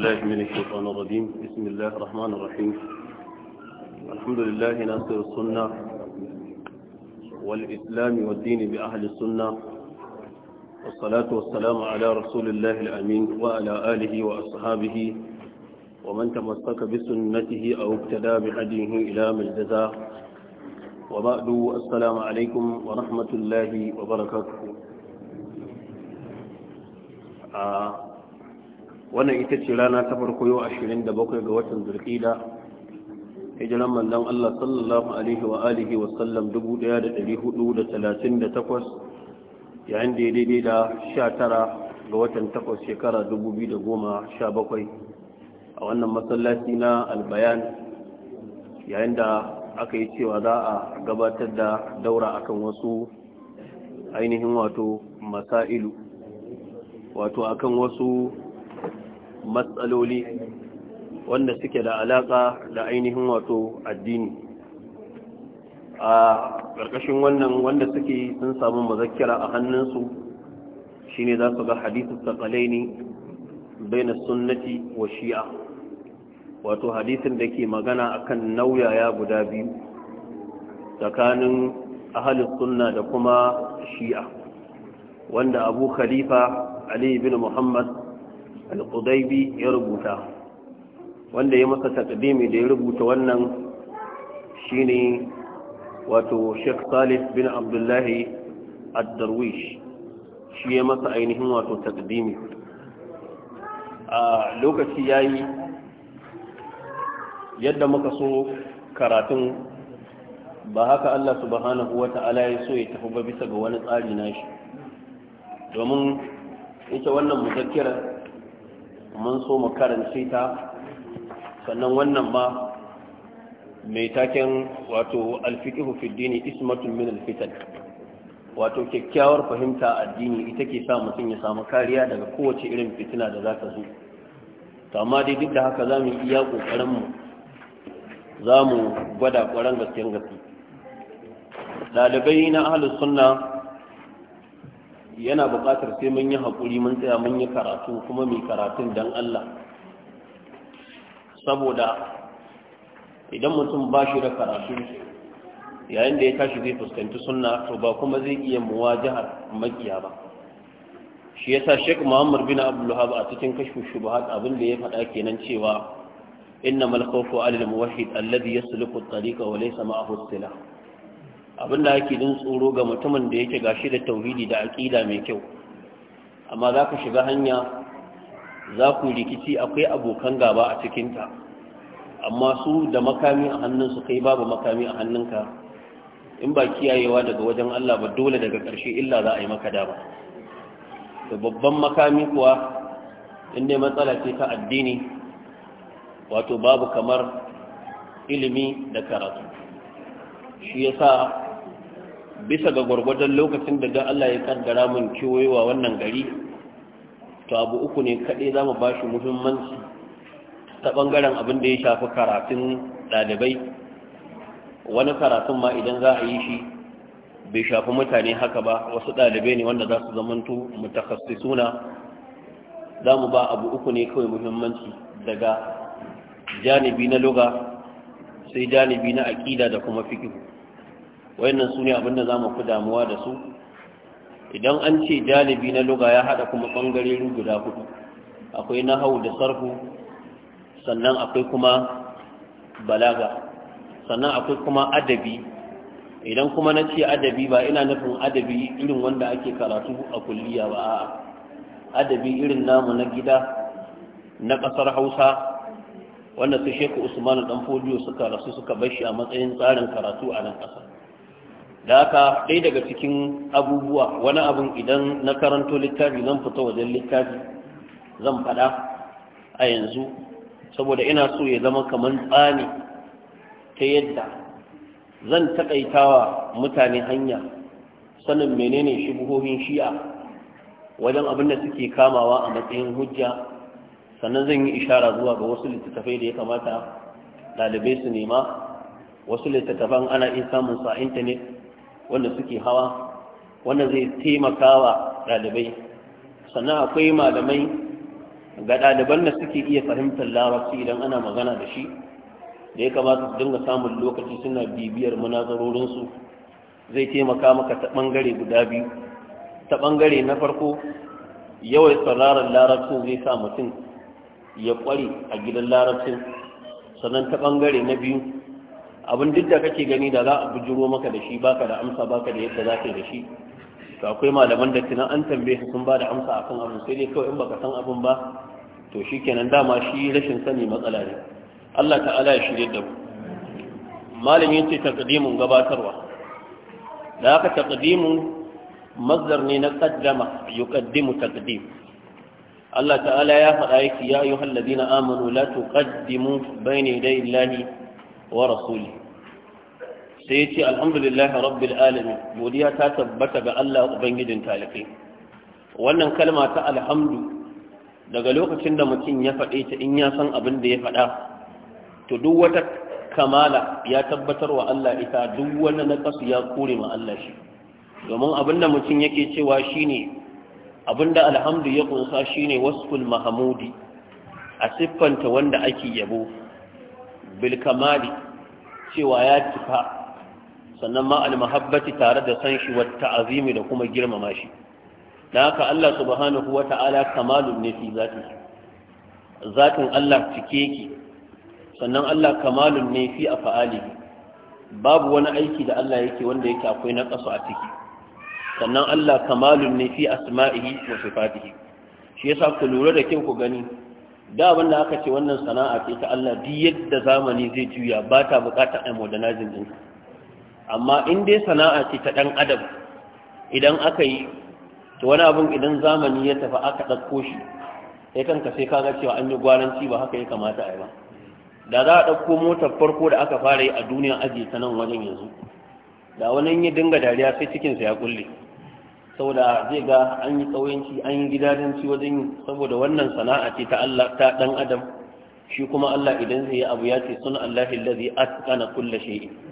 بالله من الشيطان الرجيم بسم الله الرحمن الرحيم الحمد لله ناصر السنة والإسلام والدين بأهل السنة والصلاة والسلام على رسول الله الأمين وعلى آله وأصحابه ومن تمسك بسنته أو ابتدى بحديه إلى مجدزا وبعد السلام عليكم ورحمة الله وبركاته آه wannan ita ce rana ta farko yau 27 ga watan zulqida hijiran manzon Allah sallallahu alaihi wa alihi wa sallam 1438 yayin da ya daidai da 19 ga watan 8 shekara 2017 a wannan masallaci na albayan yayin da aka yi cewa za a gabatar da daura akan wasu ainihin wato masailu wato akan wasu matsaloli wanda suke da alaƙa da ainihin wato addini a ƙarƙashin wannan wanda suke sun samu mazakkira a hannunsu shi ne za su ga hadisun saƙalai ne bai na sunnati wa shi'a wato hadisin da ke magana akan nauyaya guda biyu tsakanin ahalin sunna da kuma shi'a wanda abu khalifa ali bin muhammad al-qudaibi ya rubuta wanda ya masa takdimi da ya rubuta wannan shine wato Sheikh Salih bin Abdullahi al darwish shi ya masa ainihin wato takdimi a lokaci yayi yadda muka so karatun ba haka Allah subhanahu wata'ala ya so ya tafi ba bisa ga wani tsari na shi, domin ita wannan mutakkira mun so mu karance ta sannan wannan ma mai taken wato alfiqihu fi dini ismatun min alfitan wato kyakkyawar fahimta addini ita ke sa mutum ya samu kariya daga kowace irin fitina da za ta zo to amma dai duk da haka za mu iya ƙoƙarinmu mu za mu gwada ƙwaron gaskiyar gaske ɗalibai na ahlus sunna yana buƙatar sai mun yi haƙuri mun tsaya mun yi karatu kuma mai karatun don Allah saboda idan mutum ba shi da karatu yayin da ya tashi zai fuskanci sunna to ba kuma zai iya muwajahar makiya ba shi yasa Sheikh Muhammad bin Abdulwahab a cikin kashfu shubuhat abin da ya faɗa kenan cewa Inna khawfu 'ala muwahid muwahhid alladhi yasluku at-tariqa wa laysa ma'ahu as-silah da ake jin tsoro ga mutumin da yake gashi da tauhidi da aƙida mai kyau amma za ka shiga hanya za ku rikici akwai abokan gaba a cikinta amma su da makami a hannunsu kai babu makami a hannunka in ba kiyayewa daga wajen Allah ba dole daga ƙarshe illa za a yi maka dama da babban makami kuwa inda matsala ce ta addini wato babu kamar ilimi da karatu shi yasa bisa ga gwargwadon lokacin da ga Allah ya kaddara mun kewayewa wannan gari to abu uku ne kaɗai za mu ba shi muhimmanci ta ɓangaren abin da ya shafi karatun ɗalibai wani karatun ma idan za a yi shi bai shafi mutane haka ba wasu ɗalibai ne wanda za su zamanto mutakassisuna za mu ba abu uku ne kawai muhimmanci daga janibi na luga sai janibi na aƙida da kuma fikihu wayannan su ne abinda za mu fi damuwa da su idan an ce jalibi na luga ya haɗa kuma ɓangarori guda hudu akwai nahau da sarhu sannan akwai kuma balaga sannan akwai kuma adabi idan kuma na ce adabi ba ina nufin adabi irin wanda ake karatu a kulliya ba a adabi irin namu na gida na ƙasar hausa wanda su sheku usmanu dan fodiyo suka rasu suka bar shi a matsayin tsarin karatu a nan ƙasa da haka ɗaya daga cikin abubuwa wani abin idan na karanto littafi zan fita wajen littafi zan faɗa a yanzu saboda ina so ya zama kamar tsani ta yadda zan taƙaitawa mutane hanya sanin menene shubuhohin shi'a wajen abin da suke kamawa a matsayin hujja sannan zan yi ishara zuwa ga wasu littattafai da ya kamata ɗalibai su nema wasu littattafan ana iya samun su a intanet wanda suke hawa wanda zai taimaka wa ɗalibai sannan akwai malamai ga ɗaliban da suke iya fahimtar larabci idan ana magana da shi da ya kamata su dinga samun lokaci suna bibiyar munazarorinsu zai taimaka maka ta ɓangare guda biyu ta ɓangare na farko yawai sauraron larabcin zai sa mutum ya ƙware a gidan larabcin sannan ta ɓangare na biyu abin duk da kake gani da za a bujiro maka da shi baka da amsa baka da yadda za ka da shi to akwai malaman da tunan an tambaye sun ba da amsa akan abin sai dai kawai in baka san abin ba to shi kenan dama shi rashin sani matsala ne Allah ta'ala ya shirya da mu malami yace taqdimun gabatarwa da haka taqdimun mazdar ne na qaddama yuqaddimu taqdim Allah ta'ala ya faɗa yake ya ayyuhal ladina amanu la tuqaddimu bayna yaday Allahi wa rasuli sai ya ce alhamdulillahi rabbil alamin godiya ta tabbata ga Allah ubangijin talibai wannan kalma ta alhamdu daga lokacin da mutum ya faɗe ta in ya san abin da ya faɗa to duk wata kamala ya tabbatar wa Allah ita duk wani nakasu ya kore ma Allah shi domin abin da mutum yake cewa ne abin da alhamdu ya kunsa shine wasful mahamudi a siffanta wanda ake yabo bil kamali cewa ya cika. sannan ma almahabbati tare da san shi wata azimi da kuma girmama shi da haka Allah subhanahu wa ta'ala kamalun ne fi zati zatin Allah cike ki. sannan Allah kamalun ne fi af'ali babu wani aiki da Allah yake wanda yake akwai na kaso a ciki sannan Allah kamalun ne fi asma'ihi wa sifatihi shi yasa ku lura da kin ku gani da wanda aka ce wannan sana'a ce ta Allah duk yadda zamani zai juya ba ta bukatar ai modernizing ɗinka amma in dai sana'a ce ta ɗan adam idan aka yi to wani abin idan zamani ya tafi aka ɗauko shi sai kanka sai ka ga cewa an yi gwaranci ba haka ya kamata a yi ba da za a ɗauko motar farko da aka fara yi a duniya ajiye ta nan wajen yanzu da wani ya dinga dariya sai cikinsa ya kulle saboda zai ga an yi ƙauyenci an yi gidajenci wajen saboda wannan sana'a ce ta Allah ta ɗan adam shi kuma Allah idan zai yi abu ya ce sun Allah hillazi atqana kulle shay'in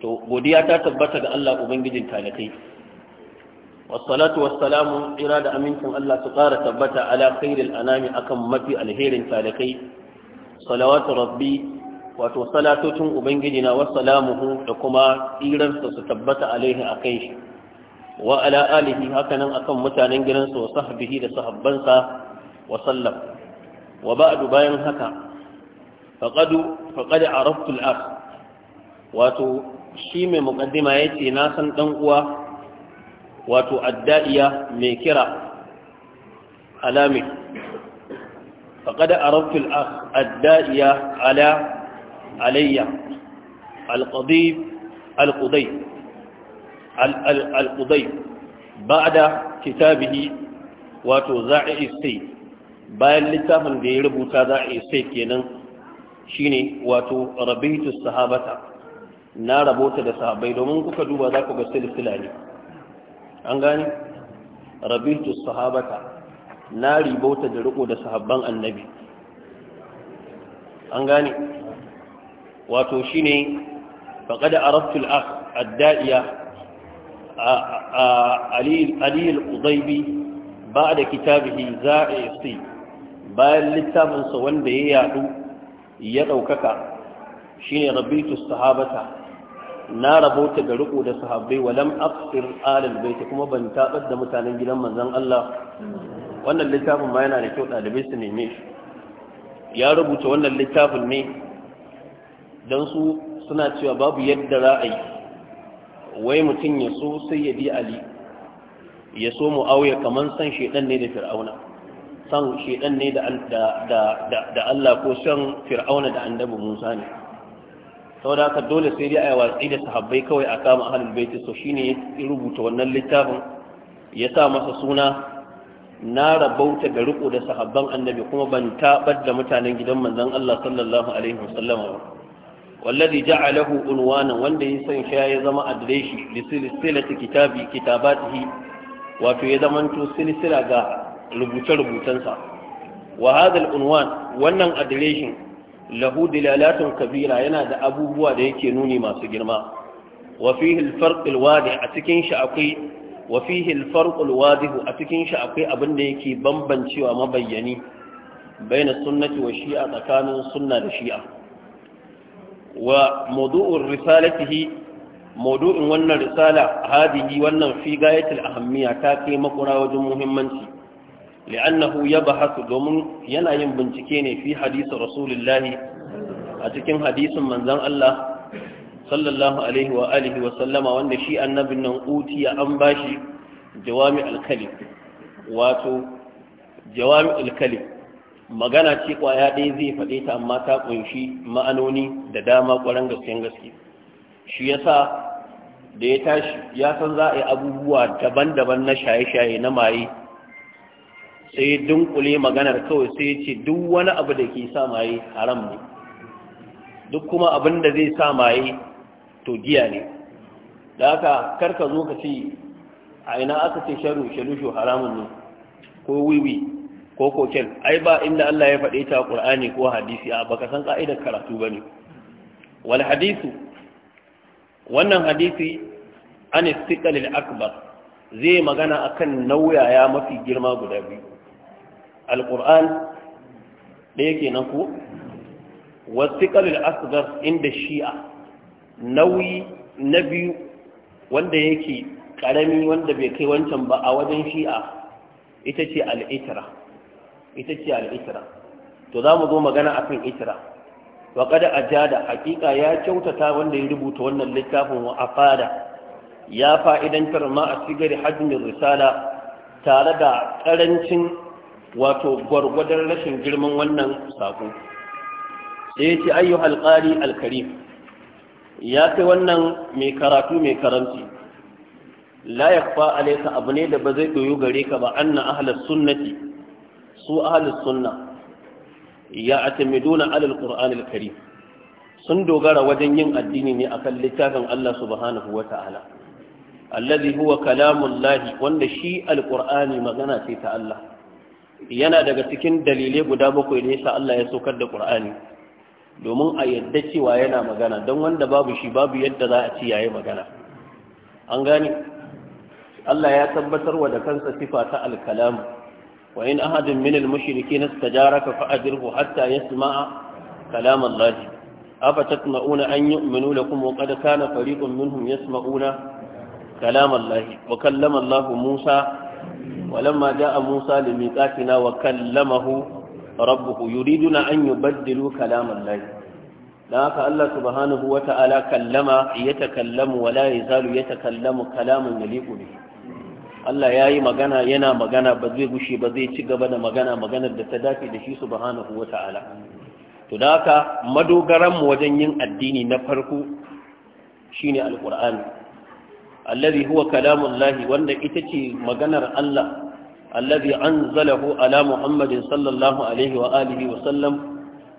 to godiya ta tabbata ga Allah ubangijin talakai wassalatu wassalamu ira da amincin Allah su ƙara tabbata ala khairil anami akan mafi alherin talakai salawatu rabbi wato salatocin ubangijina wassalamuhu da kuma tsiransa su tabbata alaihi akan shi wa ala alihi hakanan akan mutanen gidansa wa sahbihi da sahabbansa wa sallam wa ba'du bayan haka faqad faqad araftu al wato shi mai mukaddima ya ce na san ɗan uwa wato adda'iya mai kira alami faƙada a rafil adda'iya ala alayya alƙudai ba da kitabihi wato za'i istai bayan littafin da ya rubuta za'i istai kenan shine wato rabitus sahabata na rabota da sahabbai domin kuka duba za ku ga silsila ne an gane rabitu sahabata na ribota da riko da sahabban annabi an gane wato shine faqad arabtu al-akh ad-da'iya ali ali al-qudaybi ba'da kitabihi za'i bayan littafinsa wanda ya yadu ya daukaka shine rabitu sahabata na rabota ga riko da sahabbai walam afsir alal baiti kuma ban tabar da mutanen gidan manzon Allah wannan littafin ma yana da kyau dalibai su neme shi ya rubuta wannan littafin ne don su suna cewa babu yadda ra'ayi wai mutum ya so sai ya bi ali ya so mu'awiya kaman san shedan ne da fir'auna san shedan ne da da da Allah ko san fir'auna da annabi Musa ne saboda haka dole sai dai a watsi da sahabbai kawai a kama ahalin baiti so shine ya rubuta wannan littafin ya sa masa suna na rabauta da riko da sahabban annabi kuma ban tabar da mutanen gidan manzon Allah sallallahu alaihi wasallam wallazi ja'alahu unwana wanda ya san shi ya zama adireshi li silsilati kitabi kitabatihi wato ya zamanto silsila ga rubuce-rubutansa wa hadha unwan wannan adireshin lahu dilalatun kabira yana da abubuwa da yake nuni masu girma wa fihi al a cikin shi akwai wa fihi a cikin shi akwai abin da yake bambancewa mabayyani baina sunnati wa shi'a tsakanin sunna da shi'a wa mawdu'ur risalatihi mawdu'in wannan risala hadihi wannan fi gayatil ahammiya ta kai makura wajen muhimmanci ya yabhasu domin yana yin bincike ne fi hadisi rasulullahi a cikin hadisin manzon Allah sallallahu alaihi wa alihi wa sallama wanda shi annabin nan utiya an bashi jawami al wato jawami al magana ce kwaya zai faɗe ta amma ta kunshi ma'anoni da dama ƙwarar gaskiyan gaske shi yasa da ya tashi ya za a yi abubuwa daban-daban na shaye-shaye na maye sai dunkule maganar kawai sai ya ce duk wani abu da ke sa maye haram ne duk kuma abin da zai sa maye to giya ne da kar karka zo ka ce a ina aka ce sharu shalushu haramun ne ko wiwi ko koken ai ba inda Allah ya faɗe ta ƙur'ani ko hadisi a baka san ka'idar karatu ba ne. Wani hadisu wannan hadisi an istiƙalil akbar zai magana akan nauyaya mafi girma guda biyu Al-Ƙur'an ɗaya kenan Wasu wasiƙalul asgar inda shi'a nauyi na biyu wanda yake ƙarami wanda bai kai wancan ba a wajen shi'a ita ce al'itira ita ce al'itira to za mu zo magana kan itira wa kada ajada hakika ya kyautata wanda ya rubuta wannan littafin wa afada ya fa'idantar ma a sigari hajjin risala tare da ƙarancin wato gwargwadon rashin girman wannan sako sai ya ce ayyu alƙari alkarif. ya kai wannan mai karatu mai karanci la ya fa alaika abu ne da ba zai ɗoyo gare ka ba anna ahlus sunnati su ahlus sunna ya atamiduna alal qur'an alkarim sun dogara wajen yin addini ne akan littafin Allah subhanahu wata'ala alladhi huwa kalamullahi wanda shi alqur'ani magana ce ta Allah yana daga cikin dalilai guda bakwai da yasa Allah ya saukar da Qur'ani domin a yadda cewa yana magana don wanda babu shi babu yadda za a ci yayi magana an gane Allah ya tabbatar wa da kansa sifa ta al-kalam wa in ahadun min al-mushrikeena istajaraka fa ajirhu hatta yasma'a kalam Allah afa tatma'una an yu'minu lakum wa qad kana fariqun minhum yasma'una kalam Allah wa kallama Allah Musa ولما جاء موسى لميقاتنا وكلمه ربه يريدون أن يبدلوا كلام الله لذلك الله سبحانه وتعالى كلم يتكلم ولا يزال يتكلم كلام يليق به Allah ya yi magana yana magana ba zai gushe ba zai ci gaba da magana maganar da ta dace da shi subhanahu wa ta'ala to da haka madogaran mu wajen yin addini na farko shine alqur'ani allazi huwa kalamullahi wanda ita ce maganar Allah allazi anzalahu ala muhammadin sallallahu alaihi wa wa sallam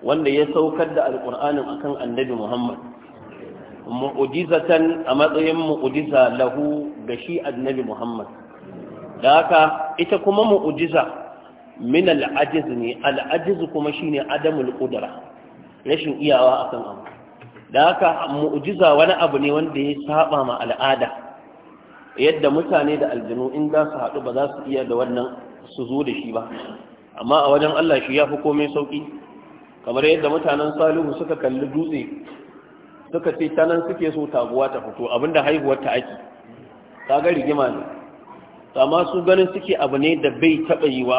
wanda ya saukar da alqur'anin akan annabi muhammad mu'jizatan a matsayin mu'jiza lahu ga annabi muhammad da ita kuma mu'jiza min al'ajiz ne al'ajiz kuma shine adamul qudra rashin iyawa akan abu da mu'jiza wani abu ne wanda ya saba ma al'ada yadda mutane da aljanu in za su haɗu ba za su iya da wannan su zo da shi ba amma a wajen Allah shi ya fi komai sauƙi kamar yadda mutanen salihu suka kalli dutse suka ce ta suke so taguwa ta fito abinda haihuwar ta ake ta ga rigima ne amma su ganin suke abu ne da bai taɓa wa.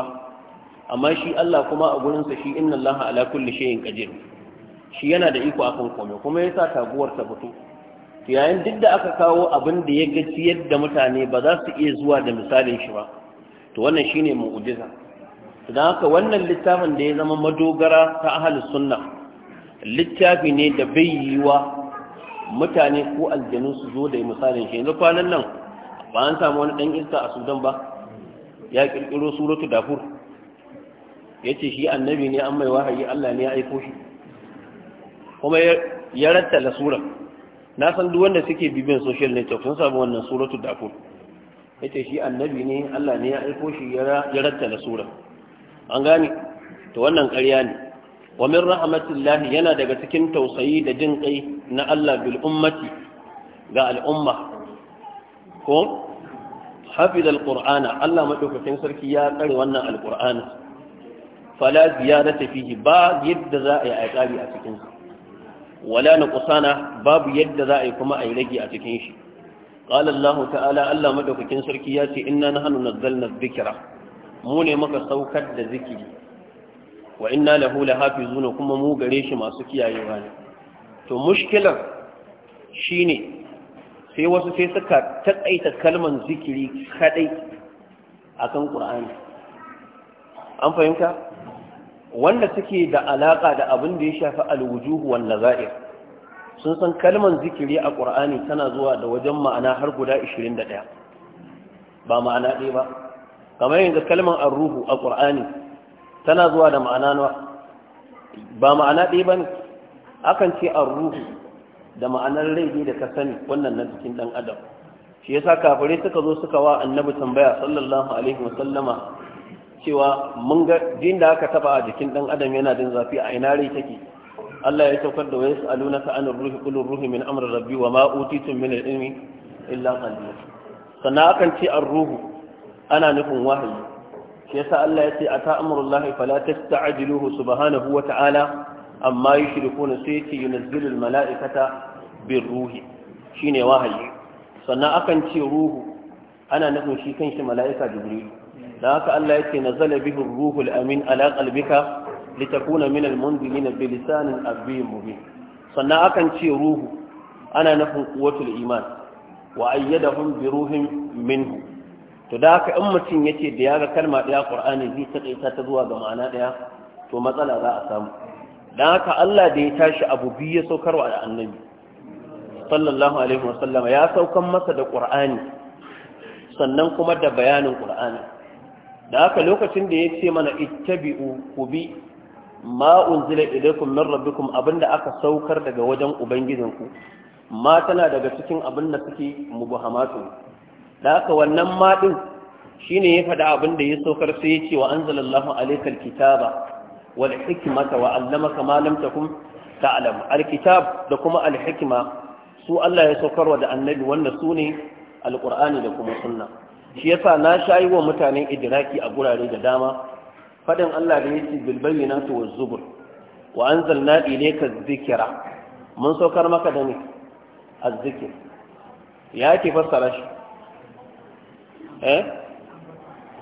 amma shi Allah kuma a gurinsa shi inna Allah ala kulli shay'in qadir shi yana da iko akan komai kuma yasa taguwar ta fito to yayin duk da aka kawo abin da ya gaci yadda mutane ba za su iya zuwa da misalin shi ba to wannan shine mu'jiza don haka wannan littafin da ya zama madogara ta ahlus sunna littafi ne da bai wa mutane ko aljanu su zo da misalin shi yanzu kwanan nan ba an samu wani dan iska a Sudan ba ya kirkiro suratu dafur yace shi annabi ne an mai wahayi Allah ne ya aiko shi kuma ya rattala suratu na san duk wanda suke bibin social network sun samu wannan suratu dafur yace shi annabi ne Allah ne ya aiko shi ya rattala sura an gane to wannan ƙarya ne wa min rahmatillahi yana daga cikin tausayi da jin kai na Allah bil ummati ga al'umma ko hafiz alqur'ana Allah madaukakin sarki ya kare wannan alqur'ana fala ziyarata fihi ba yadda za a yi a a cikin sa wala na, babu yadda za a yi kuma a yi rage a cikin shi qala Allah ta'ala Allah madaukakin sarki ya ce inna nahnu na zikira, mu ne muka saukar da zikiri wa inna lahu lahafizuna kuma mu gare shi masu kiyayewa ne to mushkilan shine sai wasu sai suka takaita kalman zikiri kadai akan Qur'ani an fahimta wanda suke da alaƙa da abin da ya shafi alwujuhu wan nazair sun san kalman zikiri a qur'ani tana zuwa da wajen ma'ana har guda 21 ba ma'ana ɗaya ba kamar yanzu kalmar arruhu a qur'ani tana zuwa da ma'ana nawa ba ma'ana ɗaya ba ne akan ce arruhu da ma'anar rai ne da ka sani wannan na jikin dan adam shi yasa kafirai suka zo suka wa annabi tambaya sallallahu alaihi wasallama cewa mun ga jin da aka taba a jikin dan adam yana jin zafi a ina rai take Allah ya saukar da wayas alunaka anir ruhi qul ruhi min amri rabbi wa ma utitum min al-ilmi illa qalila sannan akan ce ar-ruhu ana nufin wahayi shi yasa Allah ya ce ata amrullahi fala tasta'jiluhu subhanahu wa ta'ala amma yushrikuna sai ce yunazzilu al-mala'ikata bir-ruhi shine wahayi sannan akan ce ruhu ana nufin shi kanshi mala'ika jibrilu da haka Allah yake nazala bihi ruhul amin ala qalbika litakuna min almundirin bilisanin lisanin mubin sannan akan ce ruhu ana nufin quwwatul iman wa ayyadahum bi ruhin minhu to da haka in mutum yace da ya ga kalma daya qur'ani zai takaita ta zuwa ga ma'ana daya to matsala za a samu dan haka Allah da ya tashi abu biyu ya saukarwa da annabi sallallahu alaihi wasallam ya saukan masa da qur'ani sannan kuma da bayanin qur'ani da haka lokacin da ya ce mana ittabi'u ku bi ma unzila ilaykum min rabbikum abinda aka saukar daga wajen ubangijinku ma tana daga cikin abin da suke mubahamatu da haka wannan ma din shine ya faɗa abin da ya saukar sai ya ce wa anzalallahu alaykal kitaba wal hikmata wa allamaka ma lam takun ta'lam da kuma alhikma su Allah ya wa da annabi wannan sune alqur'ani da kuma sunna shi yasa na shayi wa mutanen idiraki a gurare da dama fadin Allah da yake na to wazubur wa anzalna ilayka dhikra mun saukar maka da ni zikir. ya ke fassara shi eh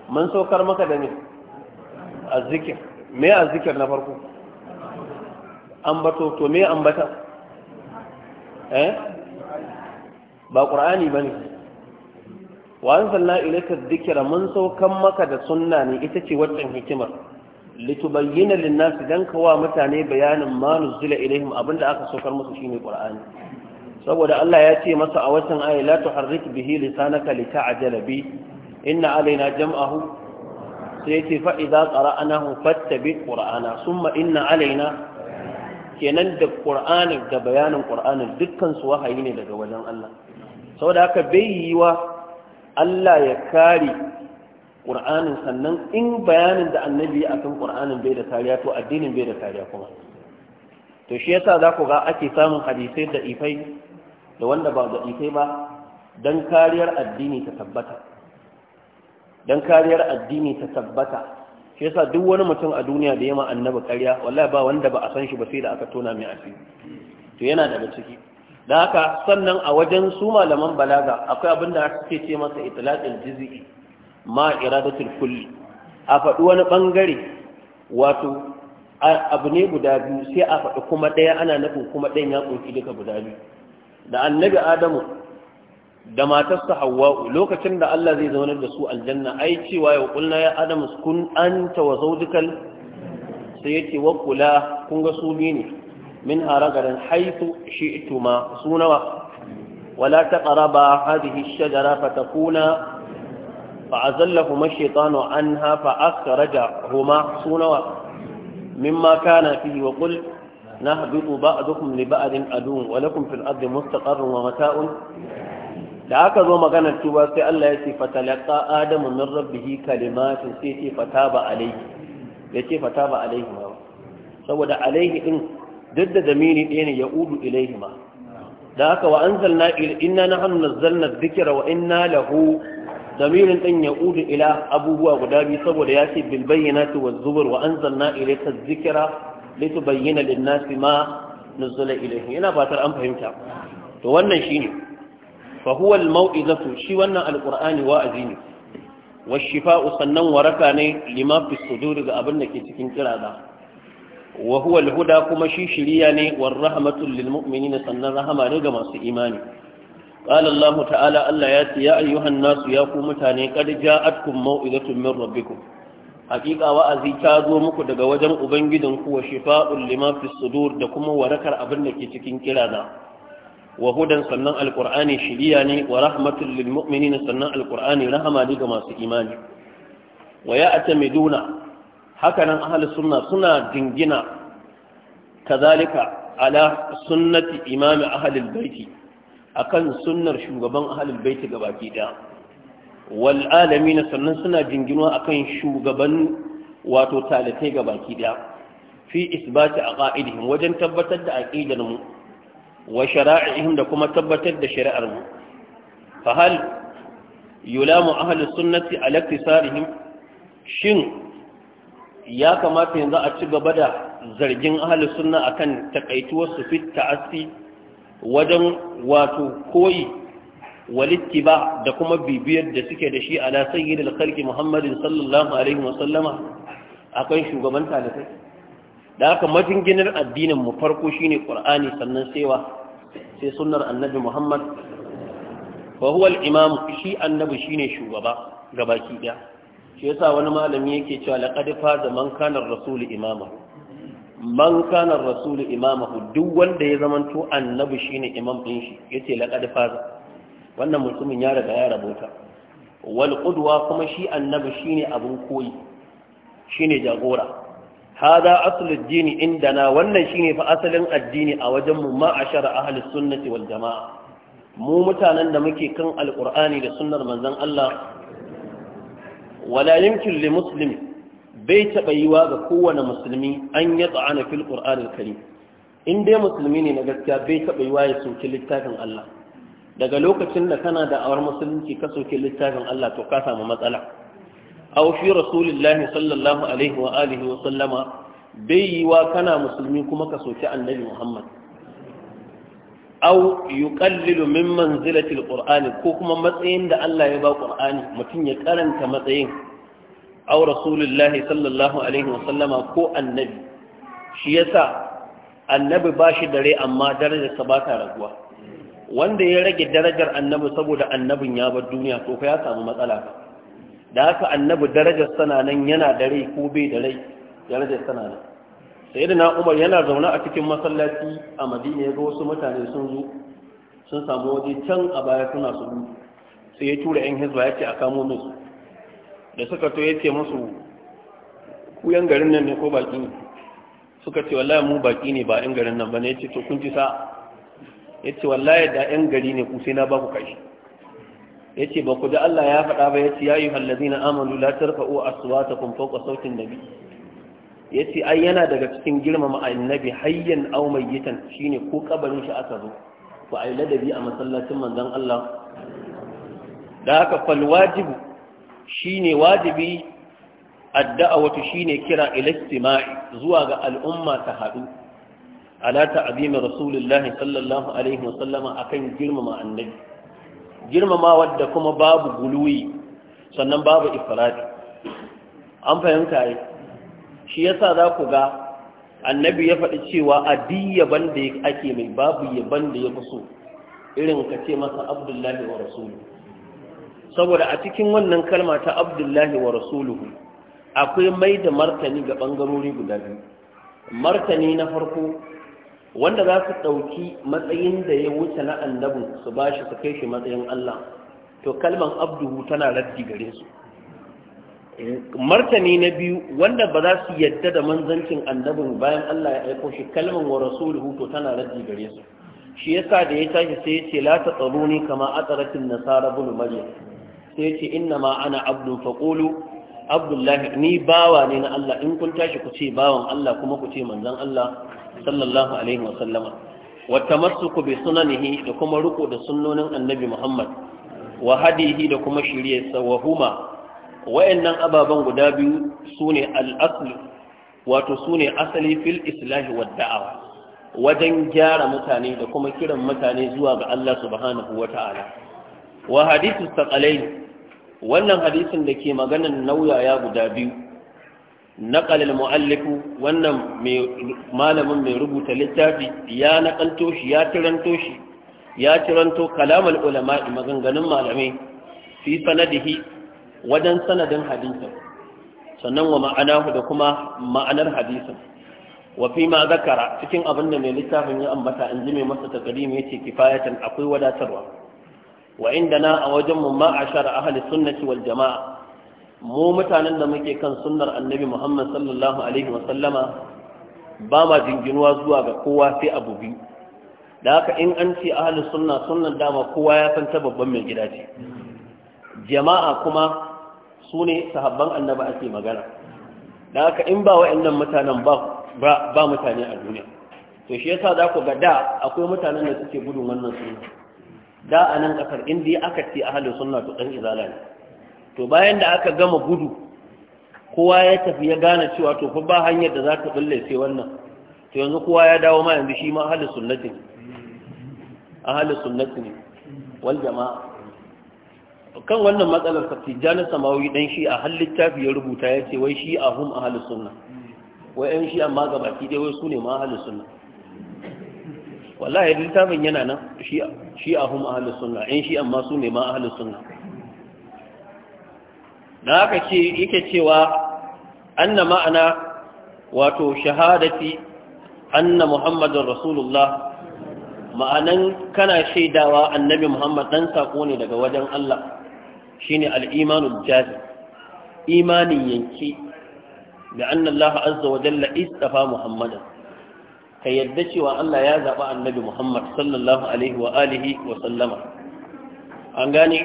mun saukar maka da ni zikir? me zikir na farko ambato to me ambata eh ba qur'ani bane wa anzalna ilayka dhikra mun saukan maka da sunna ne ita ce waccan hikimar litubayyana lin-nas dan kawa mutane bayanin ma nuzila abin abinda aka saukar musu shine qur'ani saboda Allah ya ce masa a watan ayi la tuharrik bihi lisanaka lita'jala bi inna alaina jam'ahu sai yace fa idza qara'nahu fattabi qur'ana summa inna alaina kenan da qur'ani da bayanin qur'ani dukkan su wahayi ne daga wajen Allah saboda haka bai yiwa Allah ya kare ƙur'anin sannan in bayanin da annabi a kan ƙur'anin bai da kariya to addinin bai da kariya kuma to shi yasa za ku ga ake samun hadisai da ifai da wanda ba da ifai ba don kariyar addini ta tabbata don kariyar addini ta tabbata shi yasa duk wani mutum a duniya da yama annabi kariya wallahi ba wanda ba a san shi ba sai da aka tona mai asiri to yana daga ciki da haka sannan a wajen su malaman balaga akwai abin da ake ce masa itlaqil juz'i ma iradatul kulli a faɗi wani bangare wato abu ne guda biyu sai a faɗi kuma ɗaya ana nufin kuma ɗayan ya ƙunshi duka guda biyu da annabi adamu da matarsa hawwa'u lokacin da Allah zai zaunar da su aljanna ai cewa ya kulna ya adamu kun anta wa zaujikal sai yace wa kula kun ga su ne min haragarin haitu shi'tuma sunawa ولا تقربا هذه الشجرة فتكونا فأزلهما الشيطان عنها فأخرجهما سونوا مما كان فيه وقل نهبط بعضكم لبعض أدون ولكم في الأرض مستقر ومتاء لعكذا ما كان التوبة في الله يتي فتلقى آدم من ربه كلمات سيتي فتاب عليه يتي فتاب عليه ما سود عليه إن duk da zamiri ɗaya ne ya udu ilaihima da haka wa an zalna inna na hannu nazzalna dhikra wa inna lahu zamirin ɗin ya udu ila abubuwa guda biyu saboda ya ce bil bayyinati wa zubur wa an zalna ilaika dhikra bayyana lin-nasi ma nuzula ilaihim yana fatar an fahimta to wannan shi ne, fahuwal al-mau'izatu shi wannan alqur'ani wa'azi ne shifa'u sannan waraka ne lima fi sudur ga abin da ke cikin kiraza wa huwa al-huda kuma shi shiriya ne war rahmatul lil mu'minina sannan rahama ne ga masu imani qala Allah ta'ala Allah ya ce ya ayyuhan ya ku mutane qad ja'atkum mau'izatun min rabbikum hakika wa'azi ta zo muku daga wajen ubangijin ku wa shifa'un lima fi sudur da kuma warakar abin da ke cikin kirana wa hudan sannan alqur'ani shiriya ne wa rahmatul lil mu'minina sannan alqur'ani rahama ne ga masu imani wa ya'tamiduna hakanan ahal sunna suna dingina kazalika ala sunnati imami ahli baiti akan sunnar shugaban ahli baiti gabaki daya wal alamin sannan suna dingino akan shugaban wato talatai gabaki daya fi isbati aqaidihim wajen tabbatar da aqidar mu wa shara'ihim da kuma tabbatar da shari'ar mu fa hal yulamu ahli sunnati ala shin ya kamata yanzu a ci gaba da zargin suna a kan takaituwar su fit ta'asi wajen wato koyi ba da kuma bibiyar da suke da shi ala sayyidil khalqi muhammadin sallallahu alaihi wa sallama akan shugaban talibai da haka majinginar addinin mu farko shine qur'ani sannan sewa sai sunnar annabi muhammad wa huwa al-imam shi annabi shine shugaba gabaki ɗaya. shi yasa wani malami yake cewa laqad faza man kana ar-rasul imama man kana ar-rasul imama duk wanda ya zamanto annabi shine imam din shi yace laqad faza wannan mutumin ya riga ya rabota wal qudwa kuma shi annabi shine abun koyi shine jagora hada aslu ad-dini indana wannan shine fa asalin addini a wajen mu ma ashara ahli sunnati wal jamaa mu mutanen da muke kan alqur'ani da sunnar manzon Allah wala yumkin li muslim bai taɓa yiwa ga kowane musulmi an yi tsa'ana fil qur'anil karim in dai musulmi ne na gaskiya bai taɓa yiwa ya soke littafin Allah daga lokacin da kana da awar musulunci ka soke littafin Allah to ka samu matsala aw fi rasulillahi sallallahu alaihi wa alihi wa sallama bai yiwa kana musulmi kuma ka soke annabi Muhammad au yuqallilu min manzilati alqur'ani ko kuma matsayin da Allah ya ba qur'ani mutum ya karanta matsayin au rasulullahi sallallahu alaihi wasallama ko annabi shi yasa annabi ba shi dare amma darajarsa ba ta raguwa wanda ya rage darajar annabi saboda annabin ya bar duniya to fa ya samu matsala da haka annabi darajar sana yana da ko bai da darajar sana Sai na umar yana zaune a cikin masallaci a madina ya ga wasu mutane sun zo sun samu waje can a baya suna su sai ya tura yan hezba ya ce a kamo musu da suka to ya ce musu ku yan garin nan ne ko baki ne suka ce wallahi mu baki ne ba yan garin nan ba ne ya ce to kun ci sa ya ce wallahi da yan gari ne ku sai na ba ku kashi ya ce ba ku da Allah ya faɗa ba ya ce ya yi hallazi na amalu la tarfa'u aswatakum fawqa sautin nabi ya ce ai yana daga cikin girmama annabi hayyan au mayyitan shine ko kabarin shi aka zo ba ai ladabi a masallacin manzon Allah da haka fal wajibu shine wajibi addu'a shine kira ila istima'i zuwa ga al'umma ta hadu ala ta'zimi rasulullahi sallallahu alaihi wa sallama akan girmama annabi girmama wadda kuma babu guluyi sannan babu ifradi an fahimta ai shi yasa za ku ga annabi ya faɗi cewa a yaban da ake mai babu yaban da ya fi so irin ka ce masa abdullahi wa rasuluhu saboda a cikin wannan kalma ta abdullahi wa rasuluhu akwai mai da martani ga ɓangarori guda biyu martani na farko wanda za su ɗauki matsayin da ya wuce na annabin su ba shi su kai shi matsayin Allah to kalman abduhu tana raddi gare su martani na biyu wanda ba za su yadda da manzancin annabin bayan Allah ya aiko shi kalman wa rasuluhu to tana da gare su shi yasa da ya tashi sai ya ce la ta tsaruni kama atsaratin nasara bulu maryam sai ya ce inna ma ana abdu faqulu abdullahi ni bawa ne na Allah in kun tashi ku ce bawan Allah kuma ku ce manzon Allah sallallahu alaihi wa sallama wa tamassuku bi sunanihi da kuma riko da sunnonin annabi Muhammad wa hadihi da kuma shiriyarsa wa huma wayannan ababen guda biyu sune ne wato sune asali fil islahi wa da'awa wajen gyara mutane da kuma kiran mutane zuwa ga Allah subhanahu ta’ala. wa hadisun saƙalai, wannan hadisin da ke maganan nauyaya guda biyu naqala al wannan mai malamin mai rubuta littafi ya naƙanto shi ya tiranto shi ya tiranto kalamar ulama maganganun malamai fi sanadihi wajen sanadin hadisin sannan wa ma'anahu da kuma ma'anar hadisin wa fi ma zakara cikin abin da mai littafin ya ambata in ji mai masa takalimi yace kifayatan akwai wadatarwa wa indana a wajen mu ma ashar ahli sunnati wal jama'a mu mutanen da muke kan sunnar annabi Muhammad sallallahu alaihi wa ba ma jinginuwa zuwa ga kowa sai abu biyu da haka in an ce ahli sunna sunnan dama kowa ya san ta babban mai gidaje. jama'a kuma su ne sahabban annaba ake magana da haka in ba wa'annan mutanen ba mutane a duniya to shi yasa za ku ga da akwai mutanen da suke gudun wannan suna da a nan kasar indiya aka ce ahalin suna to ɗan izala ne to bayan da aka gama gudu kowa ya tafi ya gane cewa to fa ba hanyar da za ta ɓulle sai wannan to yanzu kowa ya dawo ma yanzu shi ma halin sunnati ne a halin sunnati ne wal jama'a kan wannan matsalar tijjani samawi dan shi a hal littafi ya rubuta ya ce wai shi a hum ahalus sunna wai yan shi amma gabaki dai wai su ne ma ahalus sunna wallahi littafin yana nan shi a hum a sunna yan shi amma su ne ma ahalus sunna da haka ce yake cewa anna ma'ana wato shahadati anna muhammadin rasulullah ma'anan kana shaidawa annabi muhammad dan sako ne daga wajen Allah shine al-imanul jazi imanin yanki da annallahu azza wa jalla istafa Muhammadan ka yadda cewa Allah ya zaɓi annabi Muhammad sallallahu alaihi wa alihi wa sallama an gane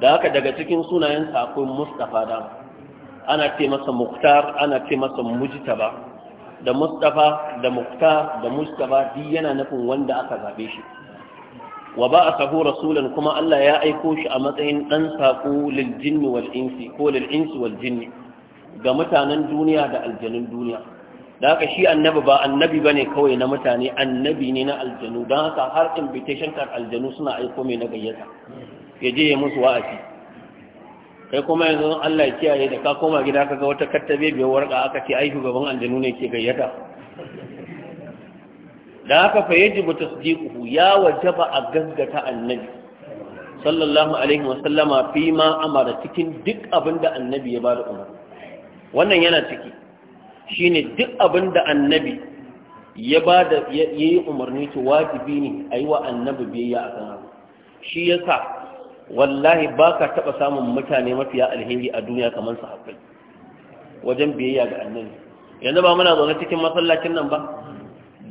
da haka daga cikin sunayen akwai Mustafa da ana ce masa Muktar ana ce masa Mujtaba da Mustafa da Muktar da Mustafa duk yana nufin wanda aka zabe shi wa ba'athahu rasulan kuma Allah ya aiko shi a matsayin ɗan sako lil wal insi ko lil wal jinni ga mutanen duniya da aljanun duniya da haka shi annabi ba annabi bane kawai na mutane annabi ne na aljanu don haka har invitation card aljanu suna aiko mai na gayyata ya je ya musu wa'azi kai kuma yanzu Allah ya kiyaye da ka koma gida ga wata kattabe biyar warka aka ce ai shugaban aljanu ne ke gayyata da haka fa yajibu tasdiquhu ya wajaba a gaggata annabi sallallahu alaihi wa sallama fi ma amara cikin duk abinda annabi ya bada umarni wannan yana ciki shine duk abinda annabi ya bada yayi umarni to wajibi ne ayi wa annabi biyayya akan haka shi yasa wallahi baka taba samun mutane mafiya alheri a duniya kamar sahabbai wajen biyayya ga annabi yanzu ba muna zaune cikin masallacin nan ba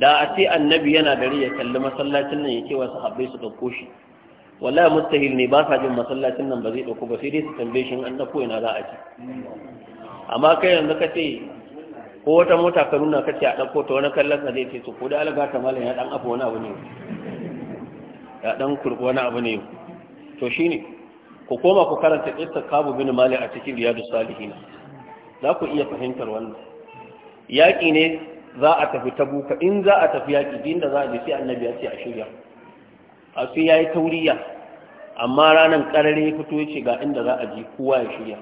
da a ce annabi yana gari ya kalli masallacin nan ya ce wasu haɓe su ɗauko shi wallahi mustahil ne ba sa jin masallacin nan ba zai ɗauko ba sai dai su tambaye shi an ɗauko ina za a ci amma kai yanzu ka ce ko wata mota ka nuna ka ce a ɗauko ta wani kallon ka zai ce su ko da alga ta malam ya ɗan afa wani abu ne ya ɗan kurɓi wani abu ne to ne ku koma ku karanta ƙistar kabu bin mali a cikin riyadu salihina za ku iya fahimtar wannan yaƙi ne za a tafi ta buka in za a tafi yaƙi din da za a je annabi ya ce a shirya a sai yi tauriya amma ranar karare ya fito yace ga inda za a ji kowa ya shirya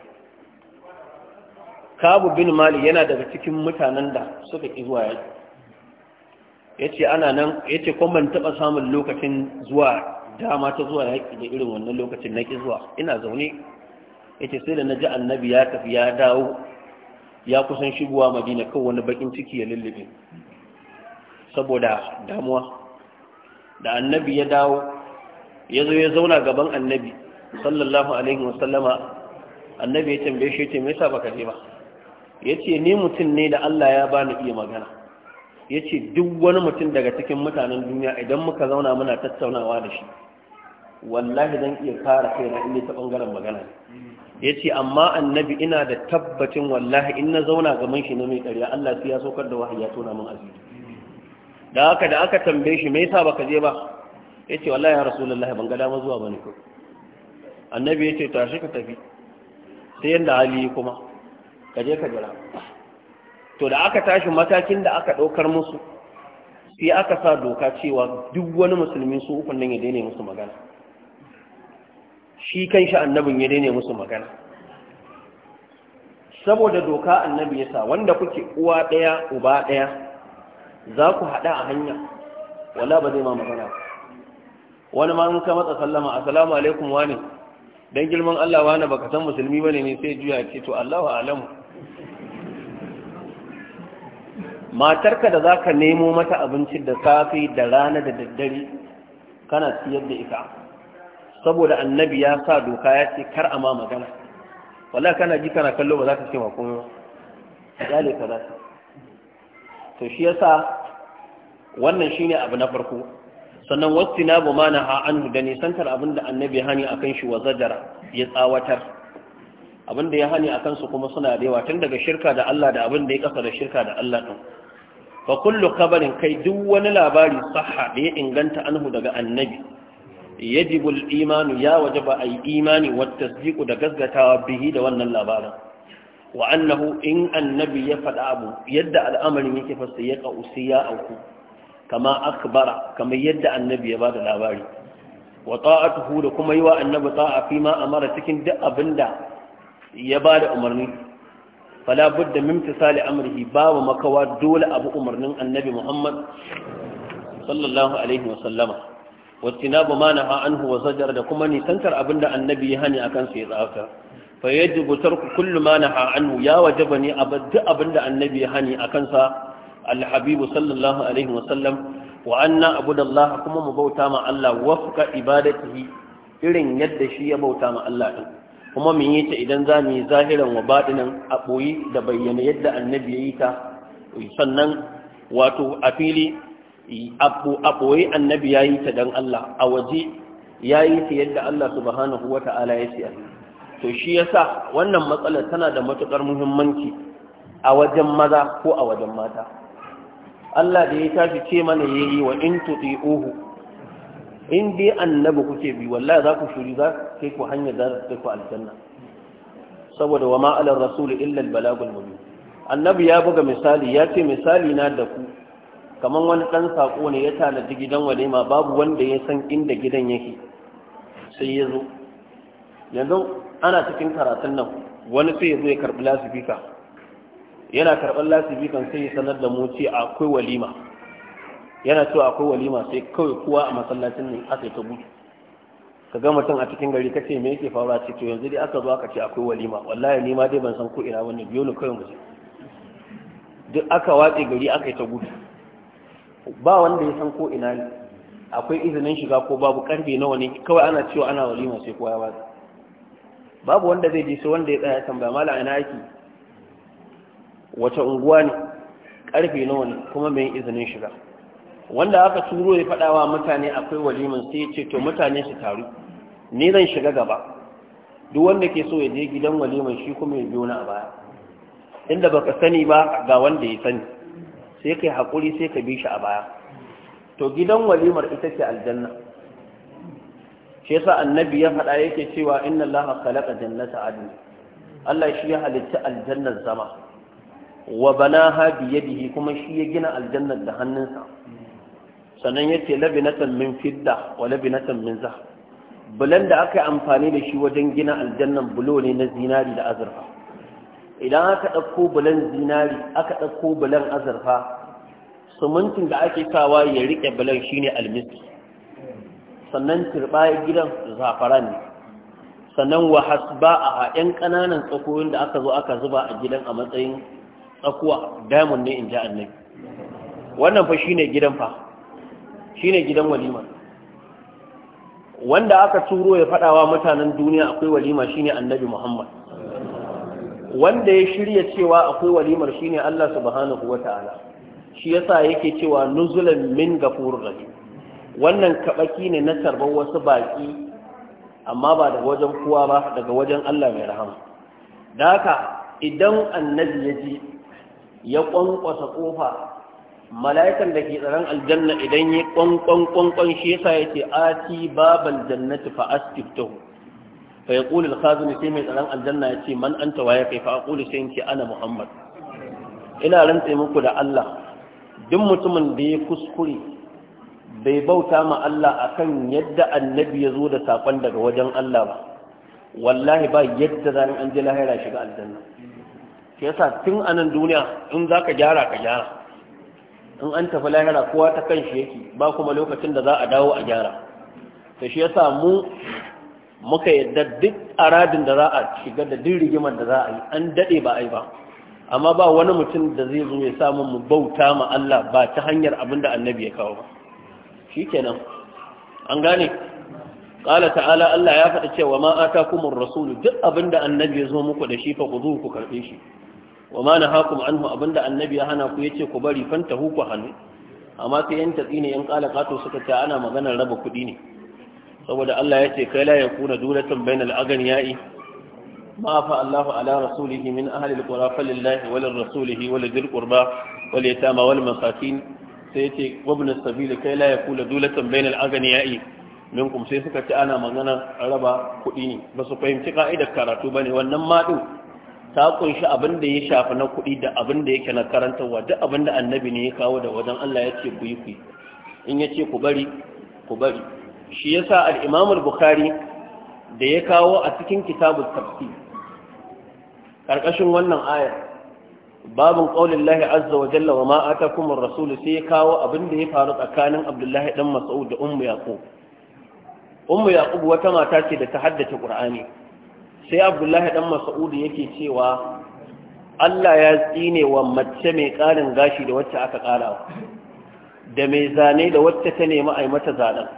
kabu bin mali yana daga cikin mutanen da suka ki zuwa yaƙi ce ana nan yace kuma taba samun lokacin zuwa dama ta zuwa yaƙi da irin wannan lokacin na ki zuwa ina zaune Ya ce sai da na ji annabi ya tafi ya dawo ya kusan shigowa madina kan wani bakin ciki ya lullube saboda damuwa da annabi ya dawo ya zo ya zauna gaban annabi sallallahu alaihi wasallama annabi ya tambaye shi ce me yasa baka je ba yace ni mutum ne da Allah ya bani iya magana yace duk wani mutum daga cikin mutanen duniya idan muka zauna muna tattaunawa da shi wallahi zan iya kai kaina inda ta bangaren magana ya ce amma annabi ina da tabbacin wallahi in na zauna gaban shi na mai ƙarya Allah su ya saukar da wahayi ya tona min asiri da aka da aka tambaye shi me yasa baka je ba ya ce wallahi ya rasu rasulullahi ban ga dama zuwa bane ko annabi ya ce tashi ka tafi sai yadda hali kuma ka je ka jira to da aka tashi matakin da aka ɗaukar musu sai aka sa doka cewa duk wani musulmi su ukun nan ya daina musu magana shi kan shi annabin ya daina musu magana saboda doka annabi ya sa wanda kuke uwa ɗaya uba ɗaya za ku haɗa a hanya wala ba zai ma magana wani ma ka matsa sallama assalamu alaikum wani dan girman Allah wani baka san musulmi bane ne sai juya ce to Allahu a'lamu matarka da zaka nemo mata abinci da safi da rana da daddare kana siyar da ita saboda annabi ya sa doka ya ce kar a ma magana Wala kana ji kana kallo ba za ka ce ma yale ya za ka to shi yasa wannan shine abu na farko sannan wasu na bu mana ha an da nisantar abin da annabi hani a kan shi wa zajara ya tsawatar abin da ya hani a kansu kuma suna da yawa tun daga shirka da Allah da abin da ya kasa da shirka da Allah ɗin fa kullu kabarin kai duk wani labari sahha da ya inganta anhu daga annabi yajibu al-imanu ya wajaba ay imani wa tasdiqu da gaskatawa bihi da wannan labarin wa annahu in annabi ya faɗa abu yadda al'amarin yake fasta ya ka ya auku kama akbara kama yadda annabi ya bada labari wa ta'atuhu da kuma yiwa annabi ta'a fi ma amara cikin duk abinda ya bada umarni fala budda min tisali amrihi babu makawa dole abu umarnin annabi Muhammad sallallahu alaihi wa sallama wattinabu ma naha anhu wa zajar da kuma nisantar abinda annabi ya hani akan ya tsaka fa yajibu tarku kullu ma naha anhu ya wajaba ne abadda abinda annabi ya hani akan sa al-habibu sallallahu alaihi wa anna abudallahi kuma mu bauta ma Allah wafqa ibadatihi irin yadda shi ya bauta ma Allah din kuma mun yi ta idan za mu yi zahiran wa batinan a boyi da bayyana yadda annabi ya yi ta sannan wato a fili a annabi ya yi ta don Allah a waje ya yi ta yadda Allah subhanahu wa ta'ala ya siya to shi ya sa wannan matsalar tana da matuƙar muhimmanci a wajen maza ko a wajen mata Allah da ya tashi ce mana ya yi wa in tuɗi uhu in dai annabi kuke bi wallahi za ku shuri za kai ku hanyar da ku aljanna saboda wa ma'alar rasulu illa albalagul mubin annabi ya buga misali ya ce misali na da ku kamar wani ɗan saƙo ne ya tanadi gidan walima babu wanda ya san inda gidan yake sai ya zo yanzu ana cikin karatun nan wani sai ya zo ya karɓi lasifika yana karɓar lasifikan sai ya sanar da mu ce akwai walima yana cewa akwai walima sai kawai kuwa a masallacin ne aka ta gudu ka ga mutum a cikin gari kace me yake faruwa ce to yanzu dai aka zo aka ce akwai walima wallahi ni ma dai ban san ko ina wannan biyo ne kawai mu duk aka watse gari aka yi ta gudu ba wanda ya san ko ina ne akwai izinin shiga ko babu karfe nawa ne kawai ana cewa ana walima sai kowa ya bada babu wanda zai je sai wanda ya tsaya tambaya mala ina yake wace unguwa ne karfe nawa ne kuma mai izinin shiga wanda aka turo ya faɗawa mutane akwai waliman sai ya ce to mutane su taru Ne zan shiga gaba duk wanda ke so ya je gidan walima shi kuma ya biyo na a baya inda baka sani ba ga wanda ya sani sai ka yi haƙuri sai ka bi shi a baya to gidan walimar ita ce aljanna shi yasa annabi ya faɗa yake cewa inna allaha khalaqa jannata adn Allah shi ya halitta aljannar zama wa banaha bi yadihi kuma shi ya gina aljannar da hannunsa sannan yace labinatan min fidda wa labinatan min zahab bulan da aka yi amfani da shi wajen gina aljannan bulo ne na zinari da azurfa idan aka ɗauko bulan zinari aka ɗauko bulan azurfa sumuntin da ake kawa ya riƙe bulan shine almiski sannan turɓaya gidan zafaran ne sannan wa hasba a ƴan ƙananan tsakoyin da aka zo aka zuba a gidan a matsayin tsakuwa diamond ne in ji nai. wannan fa shine gidan fa shine gidan walima wanda aka turo ya faɗawa mutanen duniya akwai walima shine annabi muhammad wanda ya shirya cewa akwai walimar shine Allah subhanahu ta'ala, shi yasa yake cewa nuzulan min gafur rahim wannan kaɓaki ne na tarbar wasu baƙi amma ba daga wajen kuwa ba daga wajen Allah mai rahama da haka idan annabi ya ji ya ƙwanƙwasa ƙofa mala'ikan da ke tsaron aljanna idan ya kwankwan shi yasa yace ati babal jannati fa astiftahu fa yaqulu al sai mai tsaron aljanna ya ce man anta waye kai fa aqulu sai in ce ana muhammad ina rantse muku da Allah duk mutumin da ya kuskure bai bauta ma Allah akan yadda annabi ya zo da sakon daga wajen Allah ba wallahi ba yadda zan an ji lahira shiga aljanna shi yasa tun anan duniya in zaka gyara ka gyara in an tafi lahira kowa ta kan shi yake ba kuma lokacin da za a dawo a gyara to shi yasa mu muka yadda duk aradin da za a shiga da duk rigimar da za a yi an daɗe ba a yi ba amma ba wani mutum da zai zo ya samu mu bauta ma Allah ba ta hanyar abin da annabi ya kawo ba shi kenan an gane ƙala ta'ala Allah ya faɗa cewa ma kuma rasulu duk abin da annabi ya zo muku da shi fa ku zo ku karɓe shi wa ma nahakum anhu abin da annabi ya hana ku ya ce ku bari fantahu ku hannu amma sai yan tatsi ne yan ƙala kato suka ce ana maganar raba kuɗi ne saboda Allah ya ce kai la yakuna dulatan bainal aganiyai ma fa Allah ala rasulihi min ahli alqura falillahi wa lirrasulihi wa lidil qurba wa liyatama wal masakin sai yace wabna sabili kai la yakuna dulatan bainal aganiyai minkum sai suka ci ana maganar raba kuɗi ne ba su fahimci ka'idar karatu ba ne wannan ma ta ƙunshi abin da ya shafi na kuɗi da abin da yake na karantarwa duk abinda annabi ne ya kawo da wajen Allah ya ce ku yi in ya ce ku bari ku bari shi yasa alimamul imam bukhari da ya kawo a cikin kitabun Tafsi. Ƙarƙashin wannan ayar babin ƙaunin lahi azza wa jalla wa ma'ata kuma rasulu sai ya kawo abin da ya faru tsakanin abdullahi ɗan mas'ud da ummu yaƙub ummu wata mata ce da ta haddace ƙur'ani sai abdullahi ɗan mas'ud yake cewa allah ya tsine wa mace mai ƙarin gashi da wacce aka ƙara da mai zane da wacce ta nemi a yi mata zanen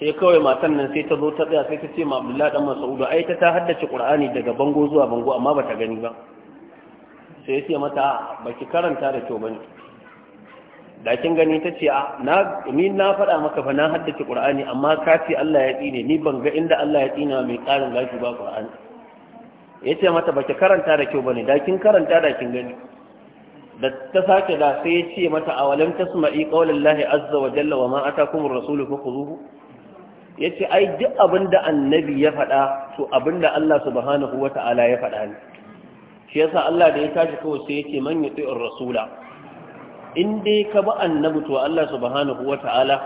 sai kawai matan nan sai ta zo ta tsaya sai ta ce ma abdullahi dan mas'udu ai ta ta haddace qur'ani daga bango zuwa bango amma bata gani ba sai ya ce mata baki karanta da kyau bane da kin gani ta ce na ni na faɗa maka fa na haddace qur'ani amma ka ce Allah ya tsine ni ban ga inda Allah ya tsina mai karin gashi ba qur'ani ce mata baki karanta da kyau bane da kin karanta da kin gani da ta sake da sai ya ce mata awalam tasma'i qawlallahi azza wa jalla wa ma atakumur rasulu fakhuzuhu ya ce ai duk abin da annabi ya faɗa to abin da Allah subhanahu wa ta'ala ya faɗa ne shi yasa Allah da ya tashi kawai sai ya ce man rasula in dai ka ba annabi to Allah subhanahu wa ta'ala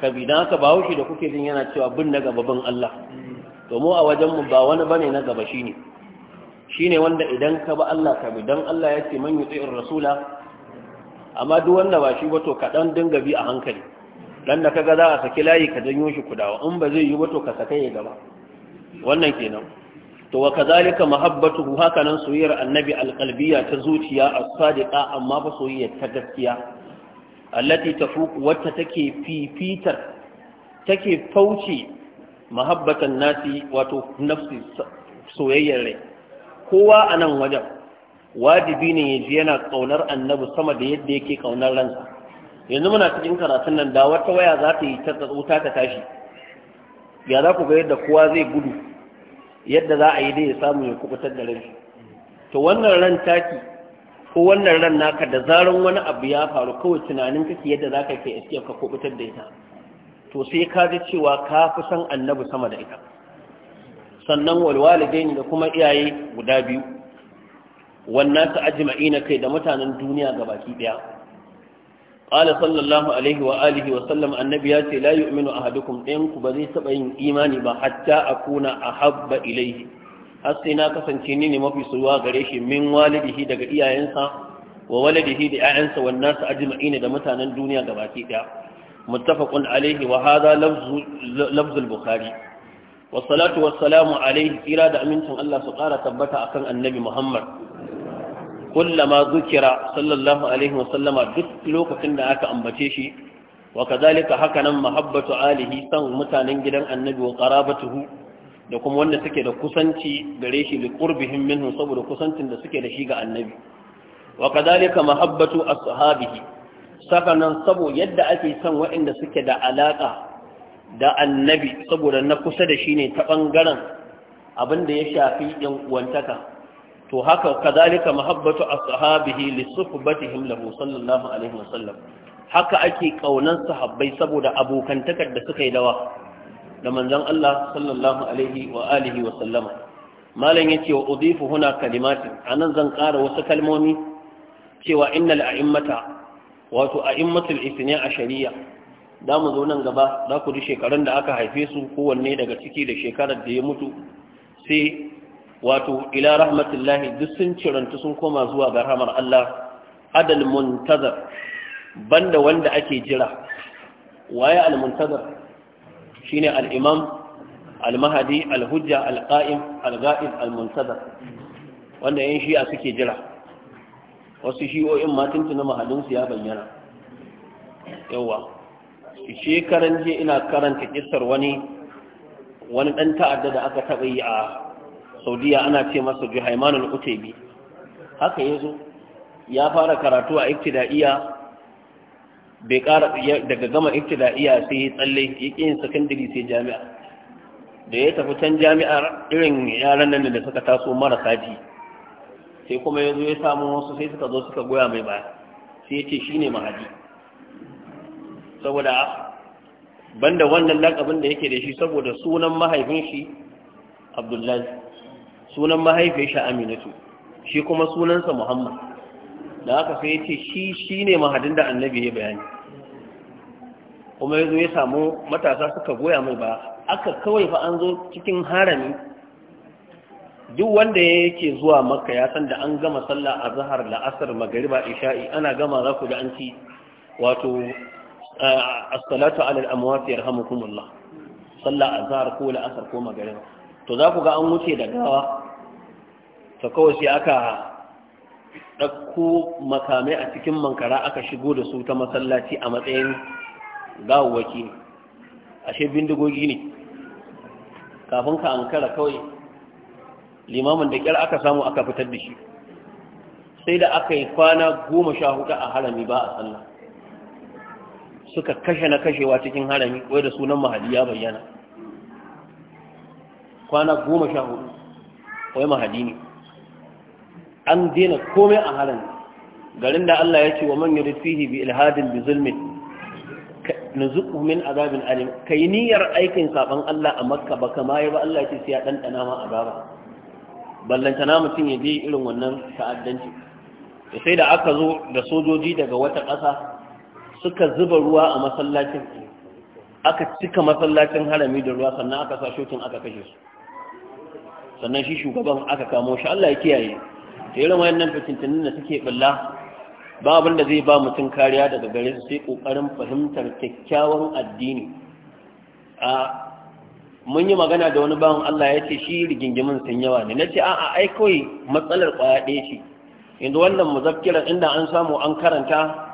ka bi na ka bawo shi da kuke jin yana cewa bin na gaba bin Allah to mu a wajen mu ba wani bane na gaba shine shine wanda idan ka ba Allah ka bi dan Allah ya ce manya yuti rasula amma duk wanda ba shi ba to ka dinga bi a hankali dan da kaga za a saki layi ka janyo shi kudawa in ba zai yi ba to ka saka ya gaba wannan kenan to wa kadhalika mahabbatuhu haka nan soyayyar annabi alqalbiya ta zuciya as-sadiqa amma fa soyayya ta gaskiya allati tafuq wacce take fifitar take fauce mahabbatan nasi wato nafsi soyayyar rai kowa a nan wajen wajibi ne ya ji yana kaunar annabi sama da yadda yake kaunar ransa yanzu muna cikin karatun nan da wata waya za ta yi ta wuta ta tashi ya za ku ga yadda kowa zai gudu yadda za a yi dai ya samu ya kubutar da ranshi to wannan ran taki ko wannan ran naka da zaran wani abu ya faru kawai tunanin kake yadda za ka ke escape ka kubutar da ita to sai ka ji cewa ka fi san annabi sama da ita sannan walwalidaini da kuma iyaye guda biyu wannan ta ajma'ina kai da mutanen duniya gabaki daya qala sallallahu alaihi wa alihi wa sallam annabi ya ce la yu'minu ahadukum ɗayan ku ba zai taba yin imani ba hatta akuna ahabba ilaihi har sai na kasance ni ne mafi soyuwa gare shi min walidihi daga iyayensa wa waladihi da 'ya'yansa wan nasu ajma'ina da mutanen duniya gabaki ɗaya muttafaqun alaihi wa hadha lafzul bukhari alaihi والسلام da إرادة Allah su سقارة tabbata akan annabi Muhammad. kullama zukira sallallahu duk lokacin da aka ambace shi wa kazalika haka nan mahabbatu alihi san mutanen gidan annabi wa qarabatuhu da kuma wanda suke da kusanci gare shi liqurbihim minhu saboda kusancin da suke da shi ga annabi wa kazalika mahabbatu ashabihi saka saboda yadda ake san waɗanda suke da alaƙa da annabi saboda na kusa da shi ne ta ɓangaren abin da ya shafi yan uwantaka to haka kadalika mahabbatu ashabihi li suhbatihim lahu sallallahu alaihi wasallam haka ake kaunan sahabbai saboda abokantakar da suka yi dawa da manzon Allah sallallahu alaihi wa alihi wa sallama malam yace wa udifu huna kalimatin anan zan ƙara wasu kalmomi cewa innal a'immata wato a'immatul ithni shari'a. da mu zo nan gaba za ku ji shekarun da aka haife su kowanne daga ciki da shekarar da ya mutu sai wato ila rahmatullahi duk sun cirantu sun koma zuwa ga rahmar Allah adal muntazar banda wanda ake jira waye al muntazar shine al imam al mahdi al hujja al qa'im al ga'ib al muntazar wanda yan shi'a suke jira wasu shi'o'in ma tuntuna mahallin su ya bayyana yawa shekaran je ina karanta kissar wani wani dan ta'adda da aka taɓa yi a saudiya ana ce masa juhaiman al-utaibi haka yazo ya fara karatu a ibtida'iya bai ƙara daga gama ibtida'iya sai ya tsalle yake yin sai jami'a da ya tafi can jami'ar irin yaran nan da suka taso marasa ji sai kuma yanzu ya samu wasu sai suka zo suka goya mai baya sai ya ce shi ne mahadi saboda banda wannan lakabin da yake da shi saboda sunan mahaifin shi abdullahi sunan mahaifin shi aminatu shi kuma sunansa muhammad da aka sai ce shi shi ne mahadin da annabi ya bayani kuma ya zo ya samu matasa suka goya mai ba aka kawai fa an zo cikin harami duk wanda yake zuwa makka ya san da an gama sallah a zahar la'asar magariba isha'i ana gama za ku da an ci wato eh, a salatu ala al-amwat yarhamukumullah sallah ko la'asar ko magariba to za ku ga an wuce da gawa ta kawai sai aka ɗauko makamai a cikin mankara aka shigo da su ta masallaci a matsayin gawawaki ne ashe bindigogi ne kafin ka kara kawai limamin da kyar aka samu aka fitar da shi sai da aka yi kwana goma sha hudu a harami ba a sallah suka kashe na kashewa cikin harami wai da sunan mahadi ya bayyana kwana goma sha hudu wai mahadi ne an daina komai a halin garin da Allah ya ce wa man ya fihi bi ilhadin bi zulmin nuzuqu min azabin alim kai niyyar aikin saban Allah a Makka ba kama yi ba Allah ce sai ya dan ma azaba na mutum ya je irin wannan ta'addanci sai da aka zo da sojoji daga wata ƙasa suka zuba ruwa a masallacin aka cika masallacin harami da ruwa sannan aka sa shokin aka kashe su sannan shi shugaban aka kamo shi Allah ya kiyaye da irin wayannan fitintunin da suke balla ba abin da zai ba mutum kariya daga gare su sai kokarin fahimtar kyakkyawan addini a mun yi magana da wani bawan Allah ya ce shi rigingimin sun yawa ne na ce a'a ai kawai matsalar kwaya ɗaya ce yanzu wannan muzafkirar inda an samu an karanta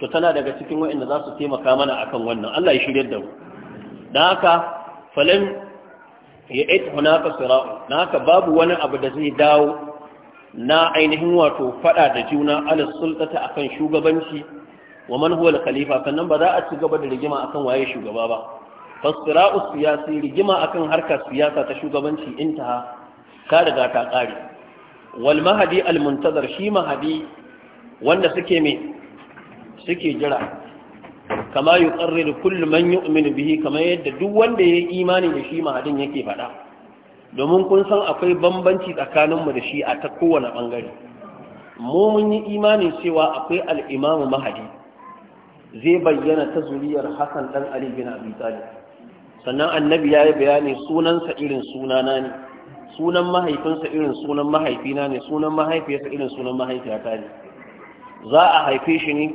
to tana daga cikin wa'inda za su taimaka mana akan wannan Allah ya shirya da mu dan haka falan ya ita ka sira'u na haka babu wani abu da zai dawo na ainihin wato fada da juna ala sultata akan shugabanci wa man huwa khalifa sannan ba za a ci gaba da rigima akan waye shugaba ba fasira'u siyasi rigima akan harkar siyasa ta shugabanci intaha ka riga ta kare wal mahadi al muntazar shi mahadi wanda suke me suke jira kama yi tsarri da kullum man yi bihi kamar yadda duk wanda ya yi imani da shi mahadin yake faɗa domin kun san akwai bambanci tsakaninmu da shi a ta kowane ɓangare mu mun yi imani cewa akwai al'imamu mahadi zai bayyana ta zuriyar hassan ɗan ali bin abi talib sannan annabi ya yi bayani sunansa irin sunana ne sunan mahaifinsa irin sunan mahaifina ne sunan mahaifiyarsa irin sunan mahaifiyata ne za a haife shi ne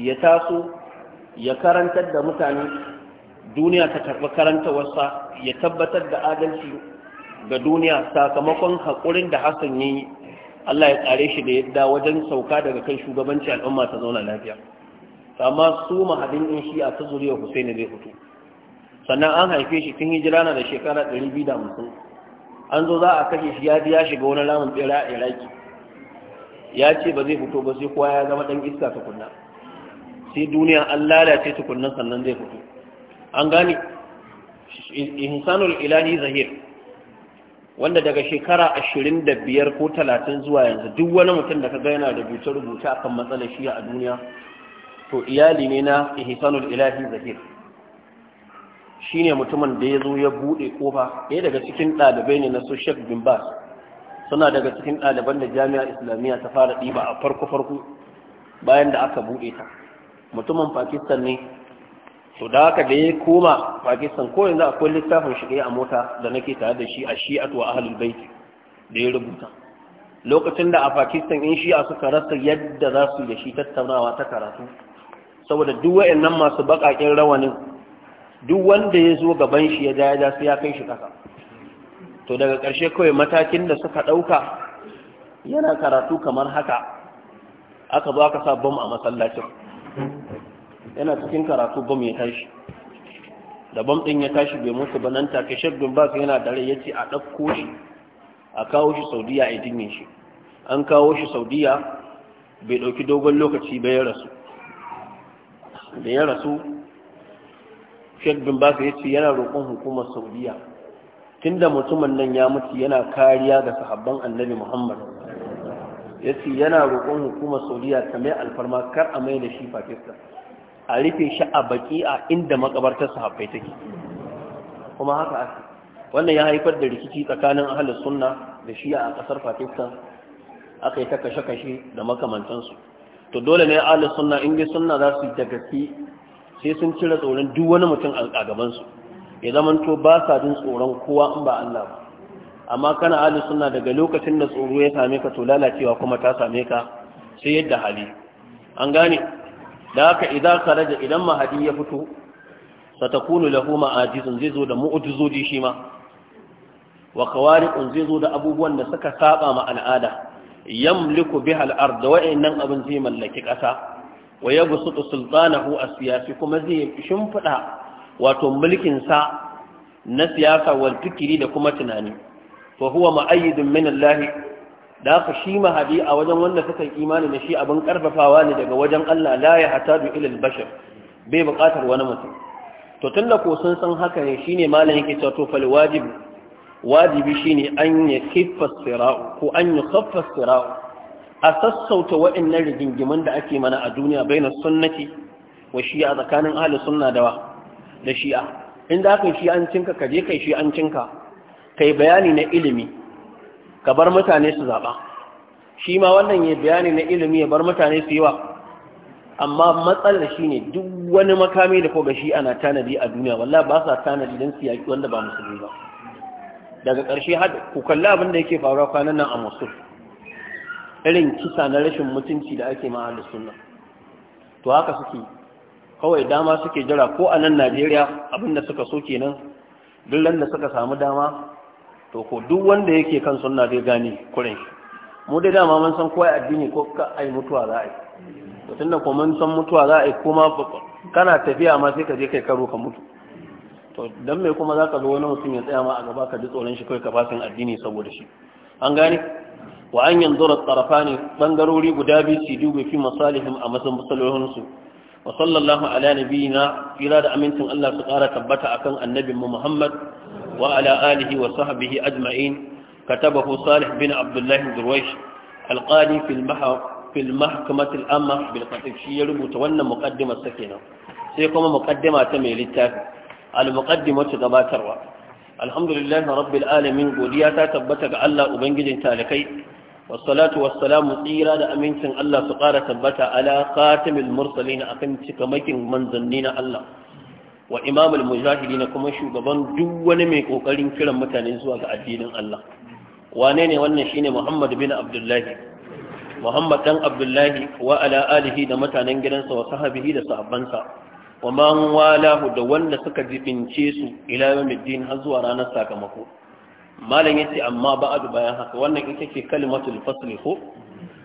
ya taso ya karantar da mutane duniya ta karɓi wasa, ya tabbatar da adalci ga duniya sakamakon haƙurin da hassan yi Allah ya tsare shi da yadda wajen sauka daga kan shugabanci al'umma ta zauna lafiya amma su mahadin in shi a ta Husaini zai fito sannan an haife shi tun hijira na da shekara biyu 250 an zo za a kashe shi ya ya shiga wani ramin bera a Iraki ya ce ba zai fito ba sai kowa ya zama ɗan iska ta kunna. sai duniya an lalace tukunan sannan zai fito an gane insanul ilahi zahir wanda daga shekara ashirin da biyar ko talatin zuwa yanzu duk wani mutum da ka ga yana rubuce-rubuce akan matsalar shi a duniya to iyali ne na ihsanul ilahi zahir shine mutumin da ya zo ya bude kofa ɗaya daga cikin ɗalibai ne na su Sheikh bin Bas suna daga cikin ɗaliban da Jami'a Islamiyya ta fara ɗiba a farko farko bayan da aka buɗe ta mutumin pakistan ne to da haka da ya koma pakistan ko yanzu akwai littafin shi a mota da nake tare da shi a a wa ahalin bait da ya rubuta lokacin da a pakistan in shi a suka rasa yadda za su da shi tattaunawa ta karatu saboda duk wayannan masu bakakin rawanin duk wanda ya zo gaban shi ya jaya ya ya kai shi kasa to daga ƙarshe kawai matakin da suka ɗauka yana karatu kamar haka aka zo aka sa bom a masallacin yana cikin karatu bam ya tashi da bam ɗin ya tashi bai mutu ba nan take bin ba yana da rai ya ce a ɗauko shi a kawo shi saudiya a dinye shi an kawo shi saudiya bai ɗauki dogon lokaci ba ya rasu da ya rasu shabbin ba ya ce yana roƙon hukumar saudiya tunda mutumin nan ya mutu yana kariya ga sahabban annabi muhammad ya yana roƙon hukumar saudiya ta mai alfarma kar a mai da shi pakistan a rufe shi a baki a inda makabartar sahabbai take kuma haka ake wannan ya haifar da rikici tsakanin ahalus sunna da shi a ƙasar pakistan aka yi ta kashe-kashe da makamantansu to dole ne ahalus sunna in dai sunna za su yi da gaske sai sun cire tsoron duk wani mutum a gabansu ya zamanto ba sa jin tsoron kowa in ba Allah ba amma kana ahli sunna daga lokacin da tsoro ya same ka to lalacewa kuma ta same ka sai yadda hali an gane da haka idan kharaja idan mahadi ya fito satakunu lahu ma'ajizun zai zo da mu'jizodi shi ma wa qawariqun zai zo da abubuwan da suka saba ma al'ada yamliku biha al-ard wa innan abin zai mallaki kasa wa yabsutu sultanahu as-siyasi kuma zai shimfida wato mulkin sa na siyasa wal fikiri da kuma tunani fa huwa ma'ayyidun min da haka shi mahadi a wajen wanda suka yi imani da shi abin karfafawa ne daga wajen Allah la ya hata ila al-bashar bai buƙatar wani mutum to tunda ko sun san haka ne shine malam yake cewa to fal wajib wajibi shine an ya kiffa ko an ya khaffa a sassauta wa'annan rigingimin da ake mana a duniya bainas sunnati wa shi'a tsakanin ahli sunna da da shi'a in da kan shi'ancinka ka je kai shi'ancinka kai bayani na ilimi ka bar mutane su zaɓa shi ma wannan ya bayani na ilimi ya bar mutane su yi wa amma matsalar shi ne duk wani makami da koga shi ana tanadi a duniya wallah ba sa tanadi don su wanda ba musulmi ba daga ƙarshe ku kalli abin da yake faruwa kwanan nan a musul irin kisa na rashin mutunci da ake ma da sunna to haka suke kawai dama suke jira ko a nan najeriya abinda suka so kenan duk da suka samu dama to ko duk wanda yake kan sunna zai gane kuren shi mu dai dama mun san ko addini ko ka ai mutuwa za a yi to tunda ko mun san mutuwa za a yi kuma kana tafiya ma sai ka je kai karo ka mutu to dan me kuma zaka zo wani mutum ya tsaya ma a gaba ka ji tsoron shi kai ka addini saboda shi an gane wa an yanzura tarafani bangarori guda biyu su dubi fi masalihim a masan masalolinsu wa sallallahu ala nabiyina ira da amincin Allah su kara tabbata akan annabin mu Muhammad وعلى آله وصحبه أجمعين كتبه صالح بن عبد الله درويش القاضي في في المحكمة الأمة بالقطبشية المتونى مقدمة السكينة سيقوم مقدمة تمي للتاك المقدمة تغباتر الحمد لله رب العالمين قولياتا تبتك على أبنجد تالكي والصلاة والسلام إيرا لأمين سن الله سقارة تبتا على خاتم المرسلين أقمتك مكين من ظنين الله wa imamul mujahidina kuma shugaban duk wani mai kokarin kiran mutane zuwa ga addinin Allah wane ne wannan shine Muhammad bin Abdullahi Muhammad dan Abdullahi wa ala alihi da mutanen gidansa wa sahabihi da sahabbansa wa man walahu da wanda suka jibince su ila yawmiddin har zuwa ranar sakamako malam yace amma ba'du bayan haka wannan ita ce kalimatul fasl ko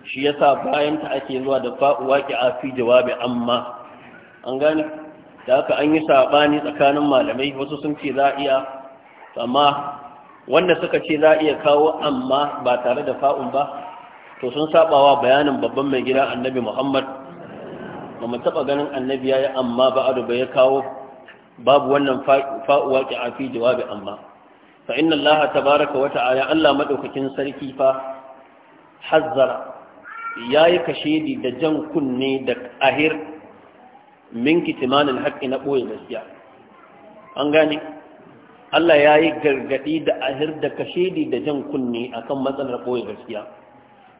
shi yasa bayan ta ake zuwa da fa'u waqi'a fi jawabi amma an gane da haka an yi saɓani tsakanin malamai wasu sun ce za a iya amma wanda suka ce za iya kawo amma ba tare da fa'un ba to sun saɓawa bayanin babban mai gida annabi muhammad ba mu taɓa ganin annabi ya yi amma ba ado ba ya kawo babu wannan fa'uwa ki a fi jawabi amma fa inna allaha tabaraka wa ta'ala allah madaukakin sarki fa hazzara yayi kashedi da jan kunne da ahir min timanin haƙƙi na ɓoye gaskiya an gane Allah ya yi gargaɗi da ahir da kashedi da jan kunne akan matsalar ɓoye gaskiya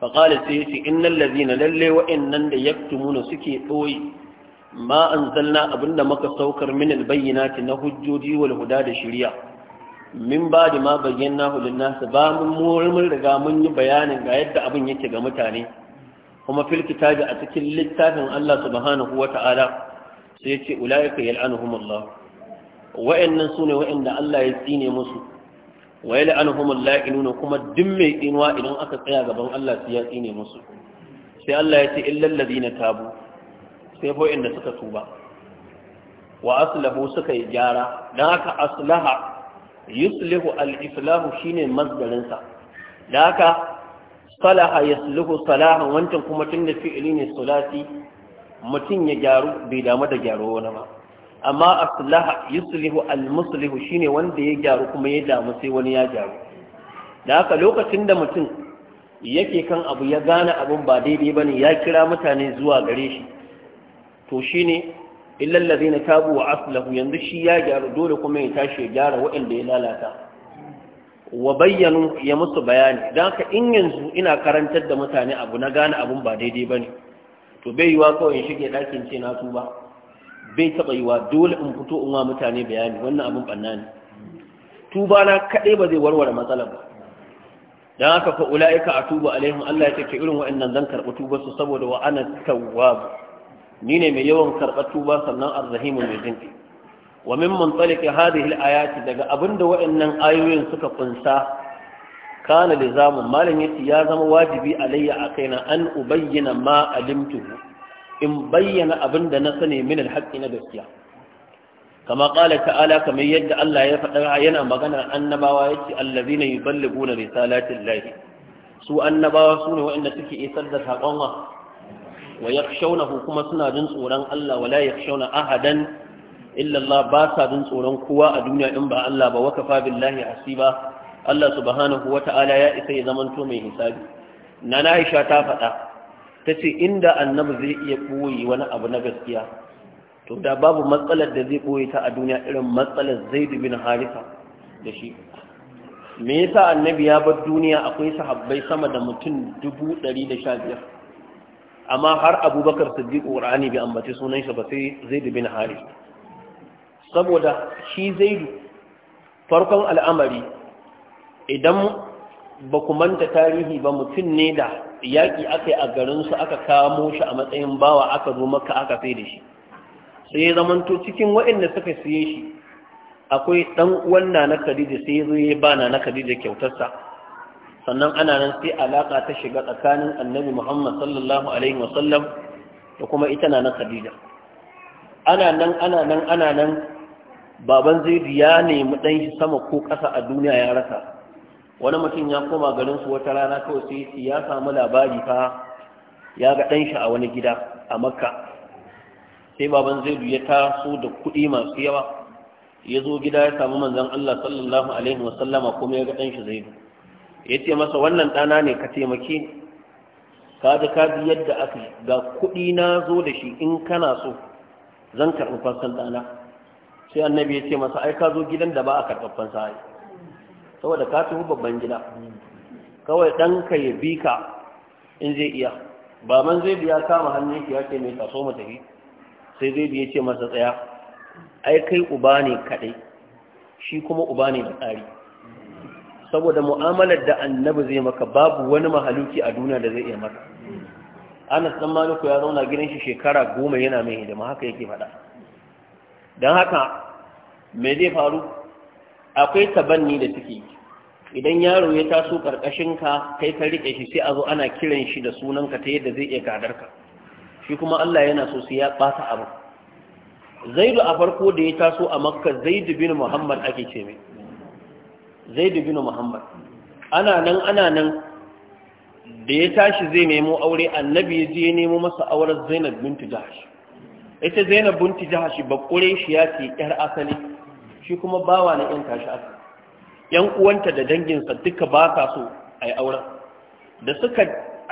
faƙalar sai ce innan lazina lalle wa'annan da ya tumuna suke ɓoye ma an abin abinda maka saukar bayyana ta na hujjoji wal huda da shirya min ba da ma bayyana hulun nasu ba mun murmur riga mun yi bayanin ga yadda abin yake ga mutane kuma fil a cikin littafin Allah subhanahu wata'ala sai ya ce ula'ika yal'anuhum Allah wa'annan sune wa'anda Allah ya tsine musu wa yal'anuhum al-la'inuna kuma duk mai inuwa idan aka tsaya gaban Allah sai ya tsine musu sai Allah ya ce illal ladina tabu sai fa wa'anda suka tuba wa aslahu suka yi gyara dan haka aslaha yuslihu al-islahu shine masdarin sa dan haka salaha yasluhu salahan wancan kuma tunda fi'ili ne sulasi mutum ya gyaru bai damu da gyaru wani ba amma aslaha yuslihu almuslihu shine wanda ya gyaru kuma ya damu sai wani ya gyaru da haka lokacin da mutum yake kan abu ya gane abun ba daidai bane ya kira mutane zuwa gare shi to shine illal na tabu wa aslahu yanzu shi ya gyaru dole kuma ya tashi ya gyara waɗanda ya lalata wa bayyanu ya musu bayani don haka in yanzu ina karantar da mutane abu na gane abun ba daidai bane to bai yiwa kawai in shige ɗakin ce na tuba bai taɓa yiwa dole in fito in wa mutane bayani wannan abin ɓanna ne tuba na kaɗai ba zai warware matsalar ba Don haka fa ulaika atubu alaihim Allah ya ce irin wa'annan zan karɓi tubar su saboda wa ana ni ne mai yawan karɓa tuba sannan arzahimu mai jinki wa min mantaliki hadhihi alayati daga abinda wa'annan ayoyin suka kunsa kana lizamun malam yace ya zama wajibi alayya a kaina an ubayyana ma alimtu in bayyana abin da na sani min alhaqi na gaskiya kama qala ta'ala kamar yadda Allah ya faɗa yana magana annabawa yace allazina yuballiguna risalatil lahi su annabawa sune waɗanda suke isar da sakon wa wa yakhshawnahu kuma suna jin tsoron Allah wala yakhshawna ahadan illa Allah ba sa jin tsoron kowa a duniya in ba Allah ba wakafa billahi asiba. Allah subhanahu wata'ala ya isa ya zamanto mai hisabi na Aisha ta faɗa ta ce inda annabi zai iya ɓoye wani abu na gaskiya to da babu matsalar da zai ɓoye ta a duniya irin matsalar zaid bin harisa da shi me yasa annabi ya bar duniya akwai sahabbai sama da mutum dubu ɗari da sha biyar amma har abubakar siddiq qur'ani bai ambaci sunan shi ba sai zaid bin harisa saboda shi zaidu farkon al'amari idan ba ku manta tarihi ba mutum ne da yaƙi aka yi a garinsu aka kamo shi a matsayin bawa aka zo maka aka sai da shi sai ya zamanto cikin waɗanda suka siye shi akwai ɗan wannan na khadija sai ya zo ya ba na khadija kyautarsa sannan ana nan sai alaƙa ta shiga tsakanin annabi muhammad sallallahu alaihi wasallam da kuma ita na khadija ana nan ana nan ana nan baban zaidu ya nemi ɗan shi sama ko ƙasa a duniya ya rasa wani mutum ya koma garin su wata rana kawai sai ya samu labari fa ya ga ɗan shi a wani gida a makka sai baban zaidu ya taso da kuɗi masu yawa ya zo gida ya samu manzan Allah sallallahu alaihi wa sallama kuma ya ga ɗan shi zaidu ya ce masa wannan ɗana ne ka taimake ka ji ka bi yadda aka ga kuɗi na zo da shi in kana so zan karɓi fansan ɗana sai annabi ya ce masa ai ka zo gidan da ba a karɓar fansa saboda ka tuhu babban gida kawai ɗanka ya bi ka in zai iya ba man zai biya kama hannun ki yake mai taso mu tafi sai zai biya ce masa tsaya ai kai uba ne kaɗai shi kuma uba ne da tsari saboda mu'amalar da annabi zai maka babu wani mahaluki a duniya da zai iya maka anas dan maliku ya zauna gidan shi shekara goma yana mai hidima haka yake faɗa don haka me zai faru akwai tabanni da suke idan yaro ya taso karkashin ka kai ka rike shi sai a zo ana kiran shi da sunanka ta yadda zai iya gadar ka shi kuma Allah yana so sai ya ɓata abu Zaidu a farko da ya taso a Makka Zaidu bin Muhammad ake ce mai Zaidu bin Muhammad ana nan ana nan da ya tashi zai nemo aure annabi ya je nemo masa auren Zainab binti Jahash ita Zainab binti Jahash ba shi ya ce yar asali shi kuma bawa na yanka shi aka yan uwanta da danginsa duka ba ka so a yi auren da suka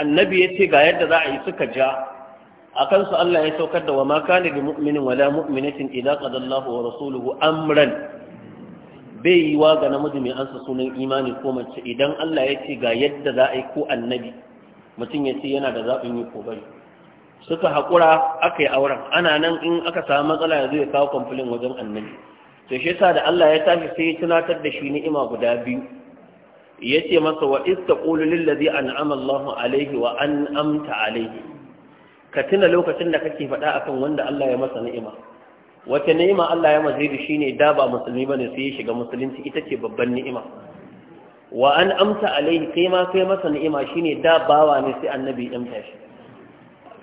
annabi ya ce ga yadda za a yi suka ja a kansu Allah ya saukar da wa ma kana bi mu'minin la mu'minatin idza qada Allahu wa rasuluhu amran bai yi wa ga namiji mai ansa sunan imani ko mace idan Allah ya ce ga yadda za a yi ko annabi mutum ya ce yana da zaɓin yi ko bari suka haƙura aka yi auren ana nan in aka samu matsala ya zai ya kawo kwamfulin wajen annabi Sai shi yasa da Allah ya tashi sai ya tunatar da shi ni'ima guda biyu Ya ce masa wa iz taqulu lil ladzi an'ama Allahu alaihi wa an amta alaihi. ka tuna lokacin da kake faɗa akan wanda Allah ya masa ni'ima wata ni'ima Allah ya mazidi shine da ba musulmi ba ne sai ya shiga musulunci ita ce babban ni'ima wa an amta alaihi kai ma kai masa ni'ima shine da bawa ne sai annabi ya amta shi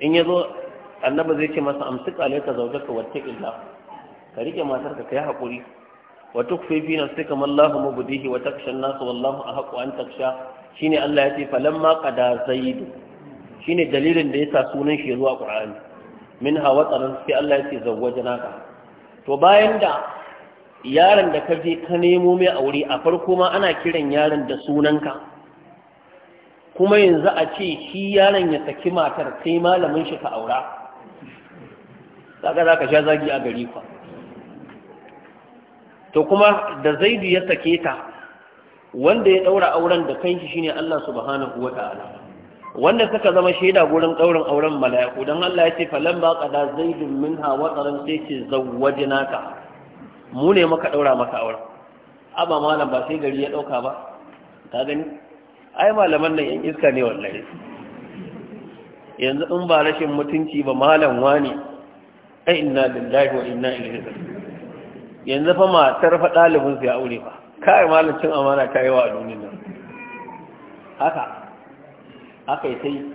in zo annabi zai ce masa amsik alayka zawjaka wattaqillah ka rike matarka ka yi haƙuri wa tukfi fi nafsika ma Allahu wa taksha nasu nas a ahqqu an taksha shine Allah ya ce falamma qada zaid shine dalilin da yasa sunan shi zuwa Qur'ani min hawa tsaron sai Allah ya ce zawwajanaka to bayan da yaron da ka je ka nemo mai aure a farko ma ana kiran yaron da sunanka kuma yanzu a ce shi yaron ya saki matar kai malamin shi ka aura kaga za ka sha zagi a gari kwa to kuma da zaidu ya sake ta wanda ya daura auren da kanshi shine Allah subhanahu wataala wanda suka zama shaida gurin daurin auren mala'iku dan Allah ya ce ba qada zaidun minha wa qaran sai ce zawwajnaka mu ne maka daura maka auren aba malam ba sai gari ya dauka ba ka gani ai malaman nan yan iska ne wallahi yanzu in ba rashin mutunci ba malam wani ai inna lillahi wa inna ilaihi raji'un yanzu fa matar fa ɗalibin su ya aure fa kai malacin amana ta yawa a nan haka aka yi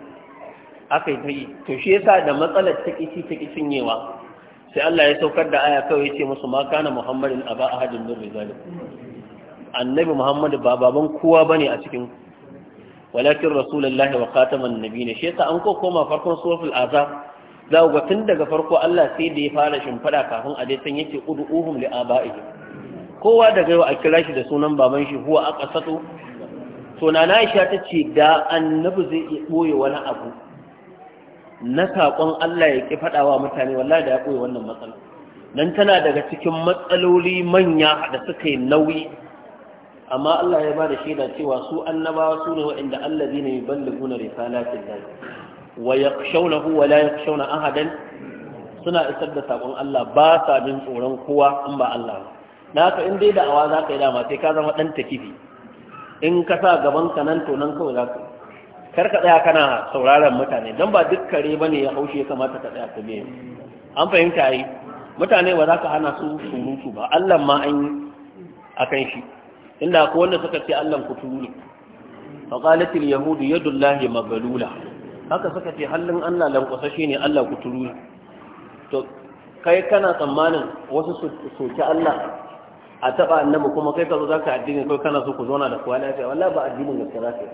ta yi to shi yasa da matsalar ta kici ta kicin yewa sai Allah ya saukar da aya kawai ya ce musu ma kana muhammadin aba ahadin min rijalim annabi muhammadu ba baban kowa bane a cikin walakin rasulullahi wa khataman nabiyina shi yasa an ko koma farkon suratul azab za ku tun daga farko Allah sai da ya fara shimfada kafin a dai san yake ud'uhum li aba'ihim kowa daga yau a kira shi da sunan baban shi huwa aqsatu to na isha ta ce da annabi zai iya boye wani abu na saƙon Allah ya ki faɗawa mutane wallahi da ya boye wannan matsala dan tana daga cikin matsaloli manya da suka yi nauyi amma Allah ya ba da shaida cewa su annabawa su ne waɗanda allazina yuballiguna risalatin lahi wa yakhshawnahu wa la ahadan suna isar da sakon Allah ba sa jin tsoron kowa in ba Allah ba na ka, in dai da'awa za ka yi dama sai ka zama ɗan takifi in ka sa gaban ka nan to nan kawai za ka kar ka tsaya kana sauraron mutane don ba duk kare ba ne ya haushe kamata ka tsaya ka biya an fahimta yi mutane ba za ka hana su surutu ba Allah ma an yi a kan shi inda ko wanda suka ce Allah ku ne fa qalatil yahudu yadullahi magalula haka suka ce hallin Allah shi ne Allah kuturu to kai kana tsammanin wasu su Allah a taɓa annabi kuma kai ka za ka addini kai kana so ku zauna da kuwa lafiya wallahi ba addinin gaskiya za yi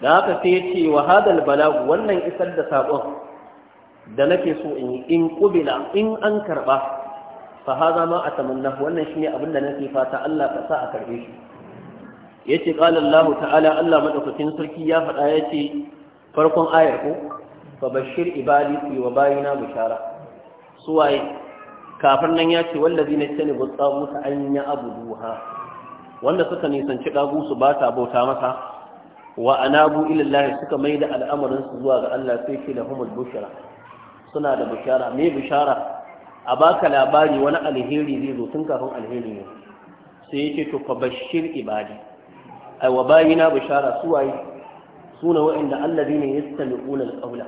Da haka sai ya ce wa hadal balagu wannan isar da sakon da nake so in yi in ƙubila in an karɓa. fa hada ma tamanna wannan ne abin da nake fata Allah ka sa a karbe shi yace qala Allah ta'ala Allah madaukakin sarki ya faɗa yace farkon ayar ko fa bashir ibadi fi wa bayina bishara suwaye kafin nan ya ce wallazi ne tani gutsabu ta an ya abuduha wanda suka nisanci dagu su ba ta bauta masa wa anabu ila Allah suka mai da al'amarin su zuwa ga Allah sai ke da humul bushara suna da Bushara? me Bushara? a baka labari wani alheri zai zo tun kafin alheri ne sai yake to fa bashir ibadi ai wa bayina bishara suwaye sune wa'anda alladhina yastami'una al-qawla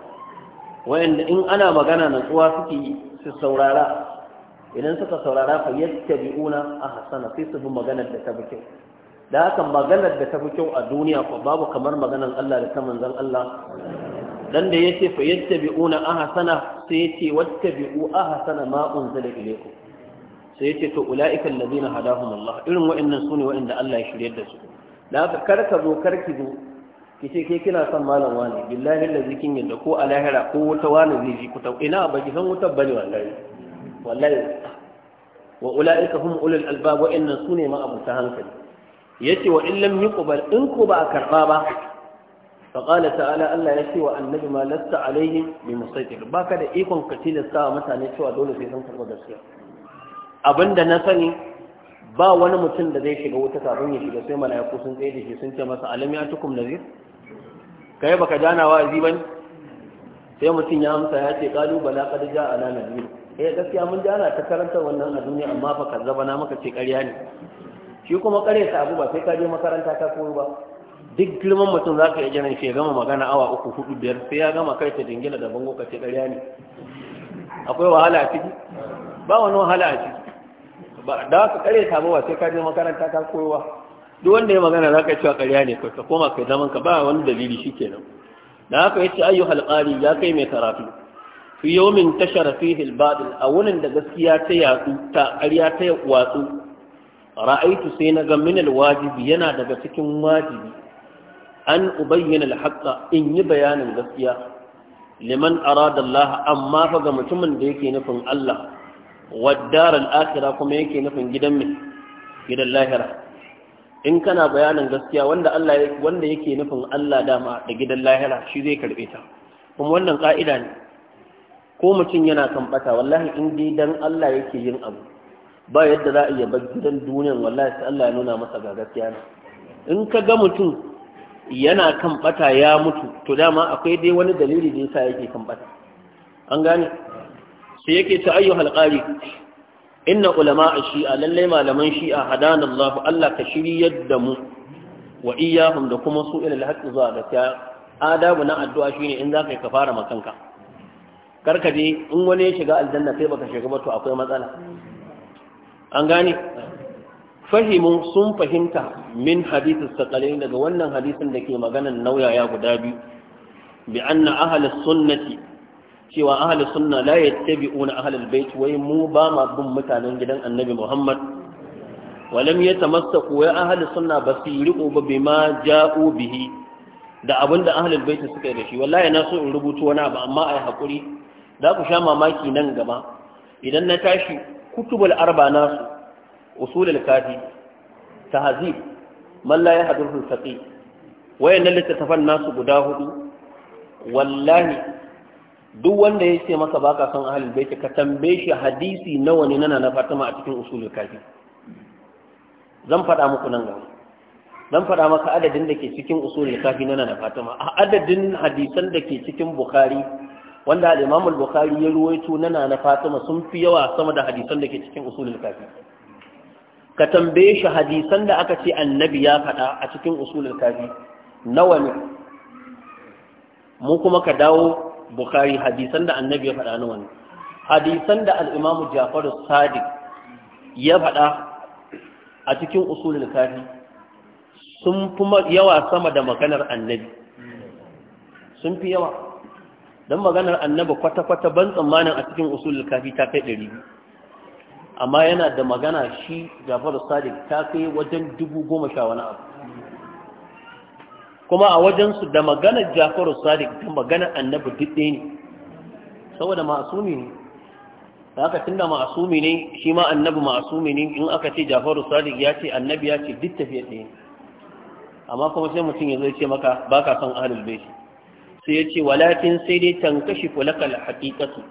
wa'anda in ana magana natsuwa suke su saurara idan suka saurara fa a Hassana sai su fi maganar da ta fi kyau da haka maganar da ta fi kyau a duniya ko babu kamar maganar Allah da ta manzon Allah dan da ya ce fa a Hassana sai ya ce biu a Hassana ma unzila ilaykum sai ya ce to ulaiikal ladina hadahum Allah irin wa'annan sune wa'anda Allah ya shiryar da su da haka kar ka zo kar ki zo ki ce ke kina son malam wani billahi allazi kin yadda ko a lahira ko wata wani zai ji ku ina ba ki san wutar bane wallahi wallahi wa ulaika hum ulul albab wa inna sune ma abu ta hankali yace wa illam yuqbal in ku ba karba ba fa qala ta'ala Allah yace wa annabi ma lasta alaihim bi musaytir baka da ikon ka tilasta mutane cewa dole sai san karba gaskiya abinda na sani ba wani mutum da zai shiga wuta kafin ya shiga sai mala'iku sun tsaye da shi sun ce masa alam ya tukum nazir kai baka jana azi bane sai mutum ya amsa ya ce kalu bala kad ja na nabi eh gaskiya mun jana ta karanta wannan a duniya amma fa kazzaba na maka ce ƙarya ne shi kuma ƙarya ta abu ba sai ka je makaranta ka koyo ba duk girman mutum za ka iya jiran shi ya gama magana awa uku hudu biyar sai ya gama kai ta dingila da bango ka ce ƙarya ne akwai wahala a ciki ba wani wahala a ciki ba da ka ƙarya ta ba sai ka je makaranta ka koyo ba. duk wanda ya magana za ka cewa ƙarya ne ka koma kai zaman ka ba wani dalili shi kenan Na haka ya ce ayyu halƙari ya kai mai karatu fi yawmin tashara fihi al a wunin da gaskiya ta yatsu ta ƙarya ta watsu ra'aitu sai na ga min wajibi yana daga cikin wajibi an ubayyana al in yi bayanin gaskiya liman arada Allah amma fa ga mutumin da yake nufin Allah waddar al-akhirah kuma yake nufin gidan mai gidan lahira in kana bayanin gaskiya wanda Allah wanda yake nufin Allah dama da gidan lahira shi zai karbe ta kuma wannan ka'ida ne ko mutum yana kan bata wallahi in dai dan Allah yake yin abu ba yadda za a iya bar gidan duniya, wallahi sai Allah ya nuna masa ga gaskiya ne in ka ga mutum yana kan bata ya mutu to dama akwai dai wani dalili da yasa yake kan bata an gane sai yake ta ayyuhal qari inna ulama a shi'a lallai malaman shi'a hadana Allah Allah ka shiryar da mu wa iyahum da kuma su ila zuwa da ta adabu na addu'a shine in zaka ka fara makanka karka je in wani ya shiga aljanna sai baka shiga ba to akwai matsala an gane fahimu sun fahimta min hadithin sakalai daga wannan hadisin da ke maganan nauyaya guda biyu bi anna ahlus sunnati cewa ahli sunna la yattabi'una ahlal bait wai mu ba ma bin mutanen gidan annabi Muhammad walam yatamassaku ya ahli sunna basiriqu ba bima ja'u bihi da abinda ahlul bait suka yi da shi wallahi na so in rubutu wani abu amma ai hakuri za ku sha mamaki nan gaba idan na tashi kutubul arba nasu usulul kafi tahzib man la yahdurul faqih wayannan littattafan nasu guda hudu wallahi duk wanda ya ce maka baka son ahlul baiti ka tambaye shi hadisi nawa ne nana na Fatima a cikin usulul kafi zan faɗa muku nan gaba zan faɗa maka adadin da ke cikin usulul kafi nana na Fatima a adadin hadisan da ke cikin Bukhari wanda al-Imam al-Bukhari ya ruwaito nana na Fatima sun fi yawa sama da hadisan da ke cikin usulul kafi ka tambaye shi hadisan da aka ce annabi ya faɗa a cikin usulul kafi nawa ne mu kuma ka dawo bukhari hadisan da annabi ya faɗa na wani hadisan da al'imamu Jafaru sadiq ya faɗa a cikin usulun kari sun fi yawa sama da maganar annabi sun fi yawa don maganar annabi kwata-kwata ban tsammanin a cikin usulun kari ta kai ɗari biyu amma yana da magana shi Jafaru sadiq ta kai wajen dubu goma sha wani abu kuma a wajensu da maganar jafaru sadiq da maganar annabi duk ne saboda ma'asumi ne da aka tunda ma'asumi ne shi ma annabi ma'asumi ne in aka ce jafaru sadiq ya ce annabi ya ce duk fiye ɗaya ne amma kuma sai mutum ya zo ya ce maka ba ka son ahlul baiti sai ya ce walakin sai dai tankashi kulakal haqiqatu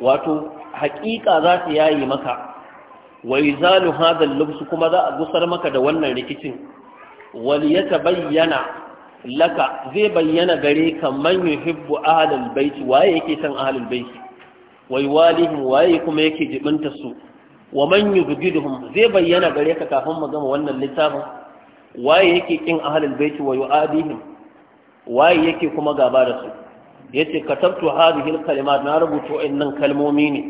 wato haƙiƙa za ta yayi maka wa yuzalu hadha lubsu kuma za a gusar maka da wannan rikicin wal yatabayyana laka zai bayyana gare ka man yuhibbu ahlul bait waye yake san ahlul baiti wai walihim waye kuma yake jibinta su wa man yuzgiduhum zai bayyana gare ka kafin mu gama wannan littafin waye yake kin ahlul bait wa yu'adihim waye yake kuma gaba da su yace katabtu hadhihi alkalimat na rubuto innan kalmomi ne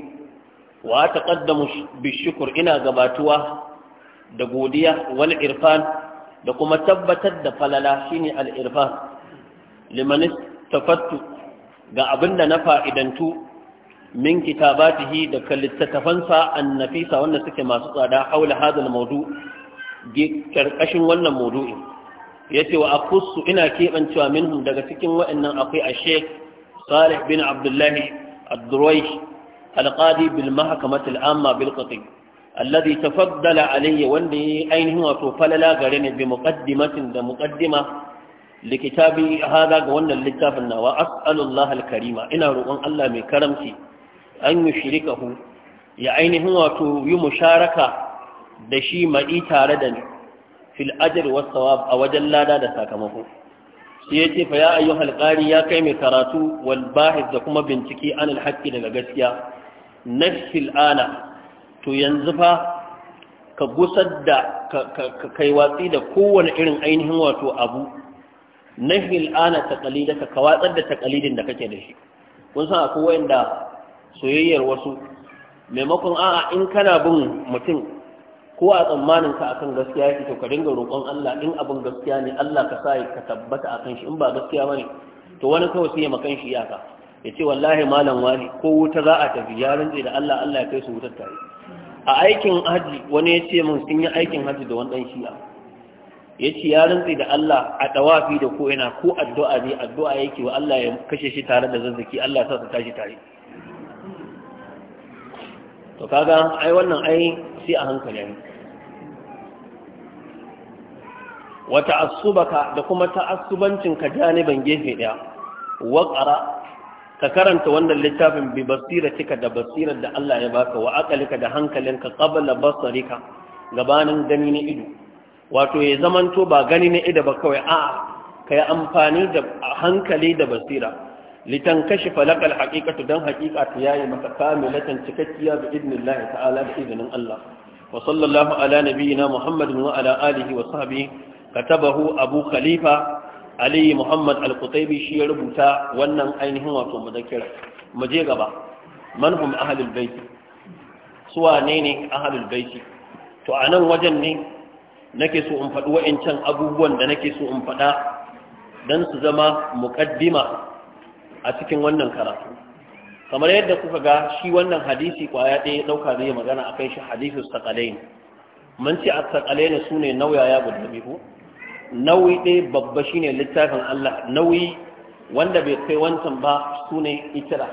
wa taqaddamu bishukr ina gabatuwa da godiya wal irfan da kuma tabbatar da falala shine al-irfan liman tafattu ga abinda na fa'idantu min kitabatihi da kallittafansa annafisa wanda suke masu tsada haula hadal mawdu karkashin wannan mawdu'i yace wa akussu ina keɓancewa minhum daga cikin wa'annan akwai ashe Salih bin abdullahi Ad-Duraysh al bil Mahkamah al-Amma bil alladhi tafaddala alayhi wanda yayi ainihin wato falala gare ni bi muqaddimatin da muqaddima likitabi hada ga wannan littafin nawa as'alullah alkarima ina roƙon Allah mai karamci an shirikahu. ya ainihin wato yi musharaka da shi ma'i tare da ni fil ajr was a wajen lada da sakamako sai ya ce fa ya ayyu halqari ya kai mai karatu wal da kuma bincike an hakki daga gaskiya Na ana to yanzu fa ka gusar da kai watsi da kowane irin ainihin wato abu na hil'ana taqalida ka ka watsar da taqalidin da kake da shi kun san akwai wanda soyayyar wasu maimakon a'a in kana bin mutum ko a tsammanin ka akan gaskiya shi, to ka dinga roƙon Allah in abin gaskiya ne Allah ka sa ka tabbata akan shi in ba gaskiya bane to wani kawai sai ya makan shi iyaka ya ce wallahi malam wani ko wuta za a tafi ya da Allah Allah ya kai su wutar tare a aikin haji wani ya ce mun sun yi aikin haji da wani shi'a ya ce ya rantsi da Allah a tawafi da ko yana ko addu'a ne addu'a yake wa Allah ya kashe shi tare da zazzaki Allah ya sa su tashi tare to kaga ai wannan ai sai a hankali ne wa ta'assubaka da kuma ta'assubancin ka janiban gefe ɗaya, wa qara ka karanta wannan littafin bi basiratika da basirar da Allah ya baka wa aqalika da hankalinka qabla basarika gabanin gani na ido wato ya zamanto ba gani na ido ba kawai a'a kai amfani da hankali da basira litan kashi falakal haqiqatu dan haqiqa ta yayi maka kamilatan cikakkiya bi idnillahi ta'ala da izinin Allah wa sallallahu ala nabiyyina muhammadin wa ala alihi wa sahbihi katabahu abu khalifa aliyu muhammad al-kutaibi shi ya rubuta wannan ainihin wato mudakira mu je gaba manhum ahlul bait su wane ne ahlul bait to a nan wajen ne nake so in faɗi wa'ancan abubuwan da nake so in faɗa don su zama muƙaddima a cikin wannan karatu kamar yadda kuka ga shi wannan hadisi kwaya ɗaya ɗauka zai magana a kai shi hadisus taƙalain mun ci a ne su ne nauyaya guda biyu nauyi ɗaya babba shi ne littafin Allah nauyi wanda bai kai wancan ba su ne itira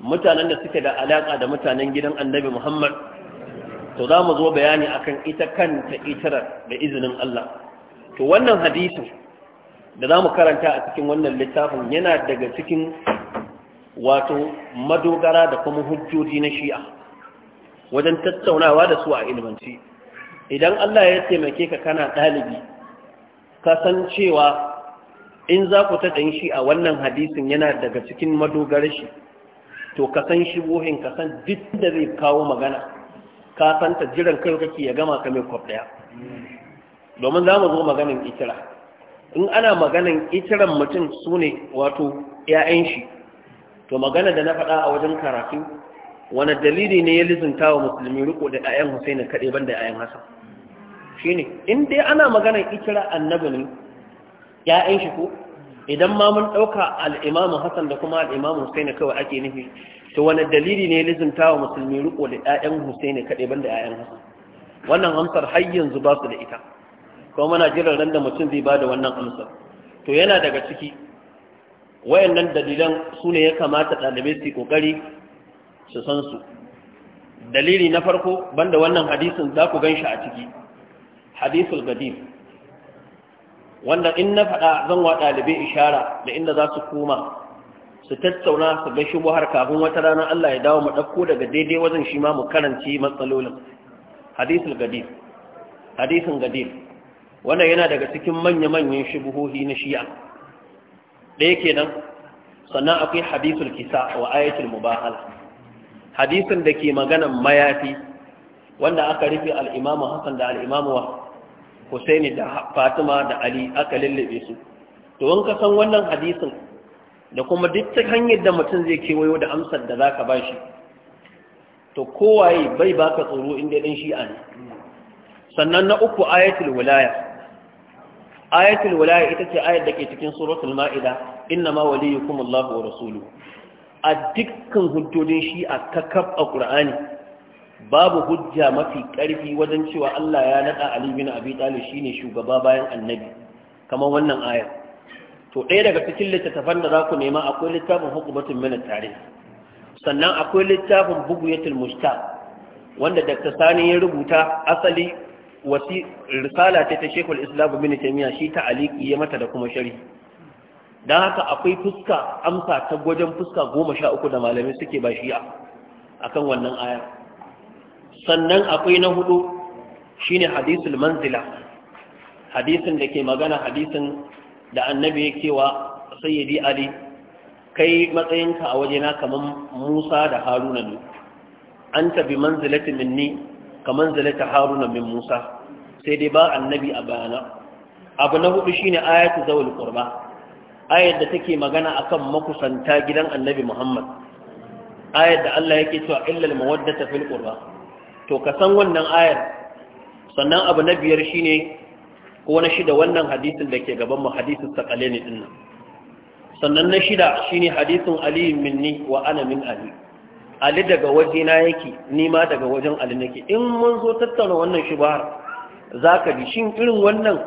mutanen da suke da alaƙa da mutanen gidan annabi Muhammad to za mu zo bayani akan ita kanta itirar da izinin Allah to wannan hadisin da za mu karanta a cikin wannan littafin yana daga cikin wato madogara da kuma hujjoji na shi'a wajen tattaunawa da su a ilimanci idan Allah ya taimake ka kana ɗalibi Kasan cewa in za ku taɗa shi a wannan hadisin yana daga cikin madogar shi to ka san bohin ka duk da zai kawo magana ka ta jiran kai kake ya gama ka mai kwaf ɗaya domin za mu zo maganin itira in ana maganin itiran mutum su ne wato 'ya'yan shi to magana da na faɗa a wajen karatu wani dalili ne ya lizinta wa musulmi riko da 'ya'yan husaini kaɗai ban da 'ya'yan hasan ne? in dai ana maganar ikira annabi ne ya'yan shi ko idan ma mun ɗauka al’imamun hassan da kuma al'imamu husaini kawai ake nufi to wani dalili ne lizinta wa musulmi riko da 'ya'yan husaini kaɗai ban da 'ya'yan hassan wannan amsar har yanzu ba su da ita kuma muna jiran ran da mutum zai ba da wannan amsar to yana daga ciki wayannan dalilan su ne ya kamata ɗalibai su yi ƙoƙari su san su dalili na farko banda wannan hadisin za ku gan shi a ciki hadisul gadim wanda in na faɗa zan wa ɗalibai ishara da inda za su koma su tattauna su ga shubuhar kafin wata rana Allah ya dawo mu ɗauko daga daidai wajen shi ma mu karanci matsalolin hadisul gadim hadithun gadim wannan yana daga cikin manya-manyan shubuhohi na shi'a ɗaya kenan sannan akwai hadisul kisa wa ayatul mubahala hadithun da ke maganan mayafi wanda aka rufe al'imamu hassan da al'imamu wa Hussaini da Fatima da Ali aka lullube su to in ka san wannan hadisin da kuma duk hanyar da mutum zai kewayo da amsar da zaka ba shi to kowaye bai baka tsoro inda shi a ne sannan na uku ayatul wilaya ayatul wilaya ita ce ayar da ke cikin suratul ma'ida inna ma waliyukum Allah wa rasuluhu a dukkan hujjojin shi a kakaf a Kur'ani. babu hujja mafi ƙarfi wajen cewa Allah ya naɗa Ali bin Abi Talib shine shugaba bayan annabi kamar wannan ayar to ɗaya daga cikin littattafan da za ku nema akwai littafin hukumatun mana tare. sannan akwai littafin ya mustaq wanda Dr. Sani ya rubuta asali wasi risala ta ta Sheikhul Islam Ibn Taymiyyah shi ta aliki ya mata da kuma sharhi dan haka akwai fuska amsa ta gwajen fuska uku da malamai suke ba a akan wannan ayar sannan akwai na hudu shine hadisul manzila hadisin da ke magana hadisin da annabi ke wa sayyidi ali kai matsayinka a wajena kaman musa da haruna ne an tabi manzilatin minni ka manzilata haruna min musa sai dai ba annabi a bayana abu na hudu shi ne ayatu zawul kurba. ayat da take magana akan makusanta gidan annabi muhammad ayat da Allah yake cewa illal mawaddata fil qurba to ka san wannan ayar sannan abu na biyar shi ne ko na shida wannan hadisin da ke gabanmu mu hadisin ne ɗin nan sannan na shida shi ne hadisin Aliyu minni wa ana min ali ali daga waje na yake ni ma daga wajen ali nake in mun zo tattauna wannan shi za ka ji shin irin wannan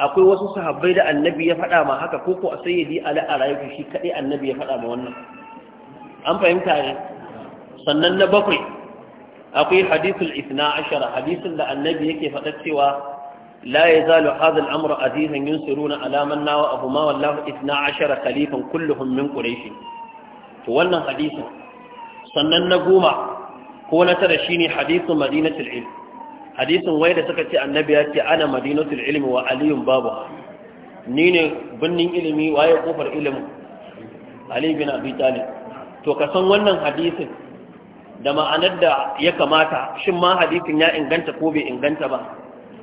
akwai wasu sahabbai da annabi ya faɗa ma haka ko ko sayyidi ali a rayu shi kaɗai annabi ya faɗa ma wannan an fahimta ne sannan na bakwai akwai hadithul isna ashara hadisin da annabi yake faɗa cewa la yazalu hadha al-amru azizan yunsiruna ala man nawa abu ma wallahu isna ashara khalifan kulluhum min quraish to wannan hadisin sannan na goma ko na tara shine hadithu madinatul ilm hadisin wai da suka ce annabi ya ce ana madinatul ilmi wa aliyun babu ni ne binnin ilimi waye kofar ilimi ali bin abi talib to ka san wannan hadisin da ma'anar da ya kamata shin ma hadisin ya inganta ko bai inganta ba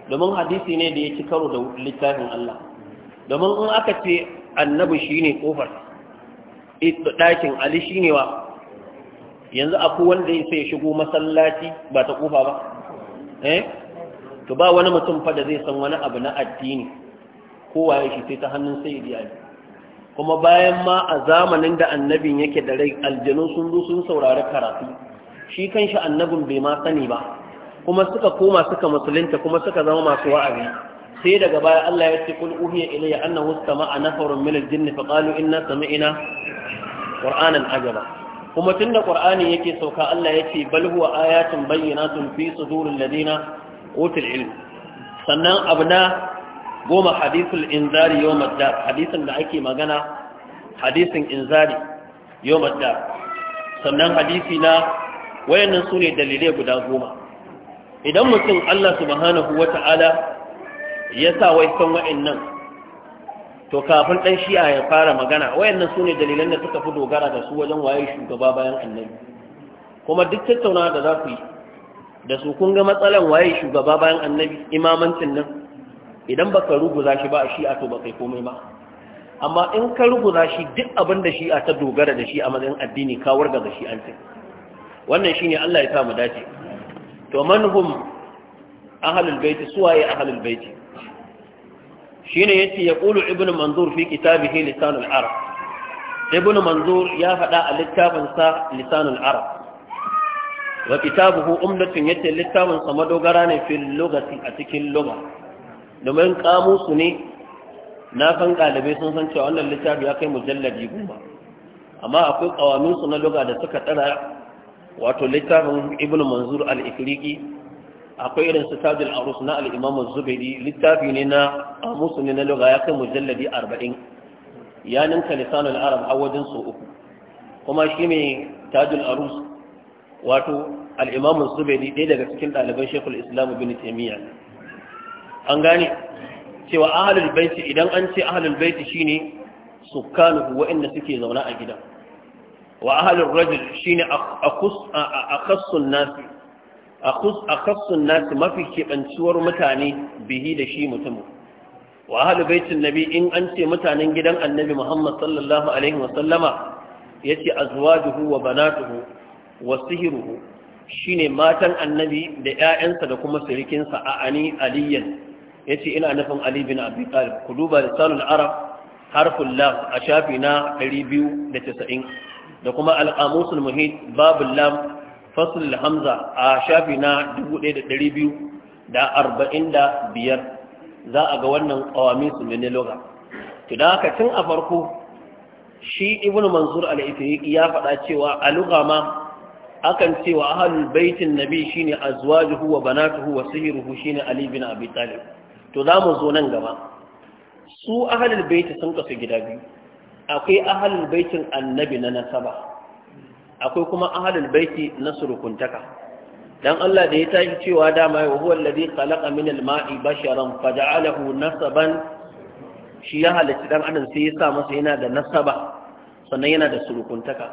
domin hadisi ne da ya ci karo da littafin Allah domin in aka ce annabi shine kofar ɗakin ali ne wa yanzu akwai wanda ya sai shigo masallaci ba ta kofa ba eh to ba wani mutum fa zai san wani abu na addini kowa ya shi sai ta hannun sai ali kuma bayan ma a zamanin da annabin yake da rai aljanu sun zo sun saurari karatu shi kan kanshi annabin bai ma sani ba kuma suka koma suka musulunta kuma suka zama masu wa'azi sai daga baya Allah ya ce kul uhiya ilayya annahu sama'a nafarun min al-jinni fa qalu inna sami'na qur'anan ajaba kuma tunda qur'ani yake sauka Allah ya ce bal huwa ayatun bayyinatun fi suduril ladina utul ilm sannan abna goma hadithul inzari yawmad dar hadisin da ake magana hadisin inzari yawmad dar sannan hadisi na wayannan su ne dalilai guda goma idan mutum Allah subhanahu wa ta'ala ya sa wai san wayannan to kafin dan shi'a ya fara magana wayannan su ne dalilan da suka fi dogara da su wajen waye shugaba bayan annabi kuma duk tattaunawa da za ku yi da su kun ga matsalan waye shugaba bayan annabi imamancin nan idan baka ruguza shi ba a shi'a to ba kai komai ba amma in ka ruguza shi duk abin da shi'a ta dogara da shi a matsayin addini kawar warga da shi'ancin wannan shine Allah ya sa mu dace to manhum ahlul bait suwaye ahlul bait shine yace yaqulu ibnu manzur fi kitabihi lisanul arab ibnu manzur ya faɗa a littafin sa lisanul arab wa kitabuhu umdatun yace littafin sa madogara ne fil lugati a cikin lugha domin kamusu ne na san ɗalibai sun san cewa wannan littafi ya kai mujalladi goma amma akwai kawamin su na lugha da suka tsara wato littafin ibn manzur al-ifriqi akwai irin su arus na al-imam zubairi littafi ne na amusu ne na lugha ya kai mujalladi 40 ya ninka lisanul arab a wajen su uku kuma shi ne tajul arus wato al-imam zubairi ɗaya daga cikin ɗaliban shekul islam ibn taymiya an gane cewa ahlul baiti idan an ce ahlul baiti shine sukkanuhu wa'anda suke zauna a gidan wa ahalin rajul shine akhassun nasi akhassun nasi mafi keɓanciwar mutane bihi da shi mutumin wa ahalu baitin nabi in an ce mutanen gidan annabi muhammad sallallahu alaihi wasallama ya ce azwajuhu wa banatuhu wa shi shine matan annabi da 'ya'yansa da kuma sirikinsa a ani aliyan ya ce ina nufin ali bin abu talib ku duba lisanul arab harful lam a shafi na 290 da kuma al'amusul qamusul muhit babul lam fasul hamza a shafi na da arba'in 1245 za a ga wannan qawamis su lugha loga da haka tun a farko shi ibn mansur al-ifriqi ya faɗa cewa a luga ma akan cewa ahlul baitin nabi shine azwajuhu wa banatuhu wa sihiruhu shine ali bin abi talib to za mu zo nan gaba su ahlul baiti sun kasu gida biyu akwai ahalul baitin annabi na nasaba akwai kuma ahalin baiti na surukuntaka dan Allah da ya tashi cewa dama ya huwa alladhi khalaqa min al-ma'i basharan faj'alahu nasaban shi ya halitta dan adam sai ya sa masa yana da nasaba sannan yana da surukuntaka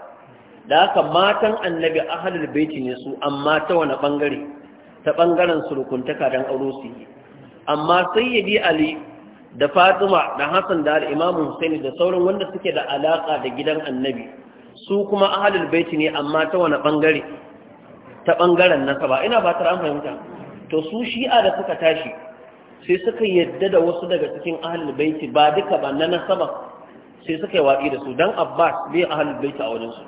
da haka matan annabi ahalul baiti ne su amma ta wani bangare ta bangaren surukuntaka dan auro su amma sayyidi ali da fatima da hassan da al'imamu husaini da sauran wanda suke da alaƙa da gidan annabi su kuma ahalul baiti ne amma ta wani ɓangare ta ɓangaren nasaba ina ba an fahimta to su shi'a da suka tashi sai suka yadda da wasu daga cikin ahalul baiti ba duka ba na nasaba sai suka yi waɗi da su don abbas bai ahalul baiti a wajensu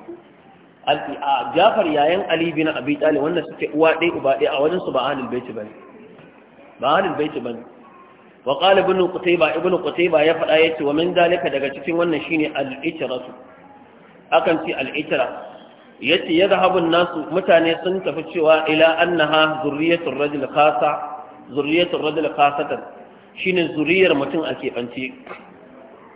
a jafar yayan ali bin abi talib wanda suke uwa ɗaya uba ɗaya a wajensu ba ahalul baiti ba ne ba ahalul baiti ba ne wa qala ibn qutayba ibn ya faɗa yace wa min zalika daga cikin wannan shine al-ijratu akan ci al yace yadhhabu an-nasu mutane sun tafi cewa ila annaha zurriyatur rajul khasa zurriyatur rajul khasatan shine mutum a keɓance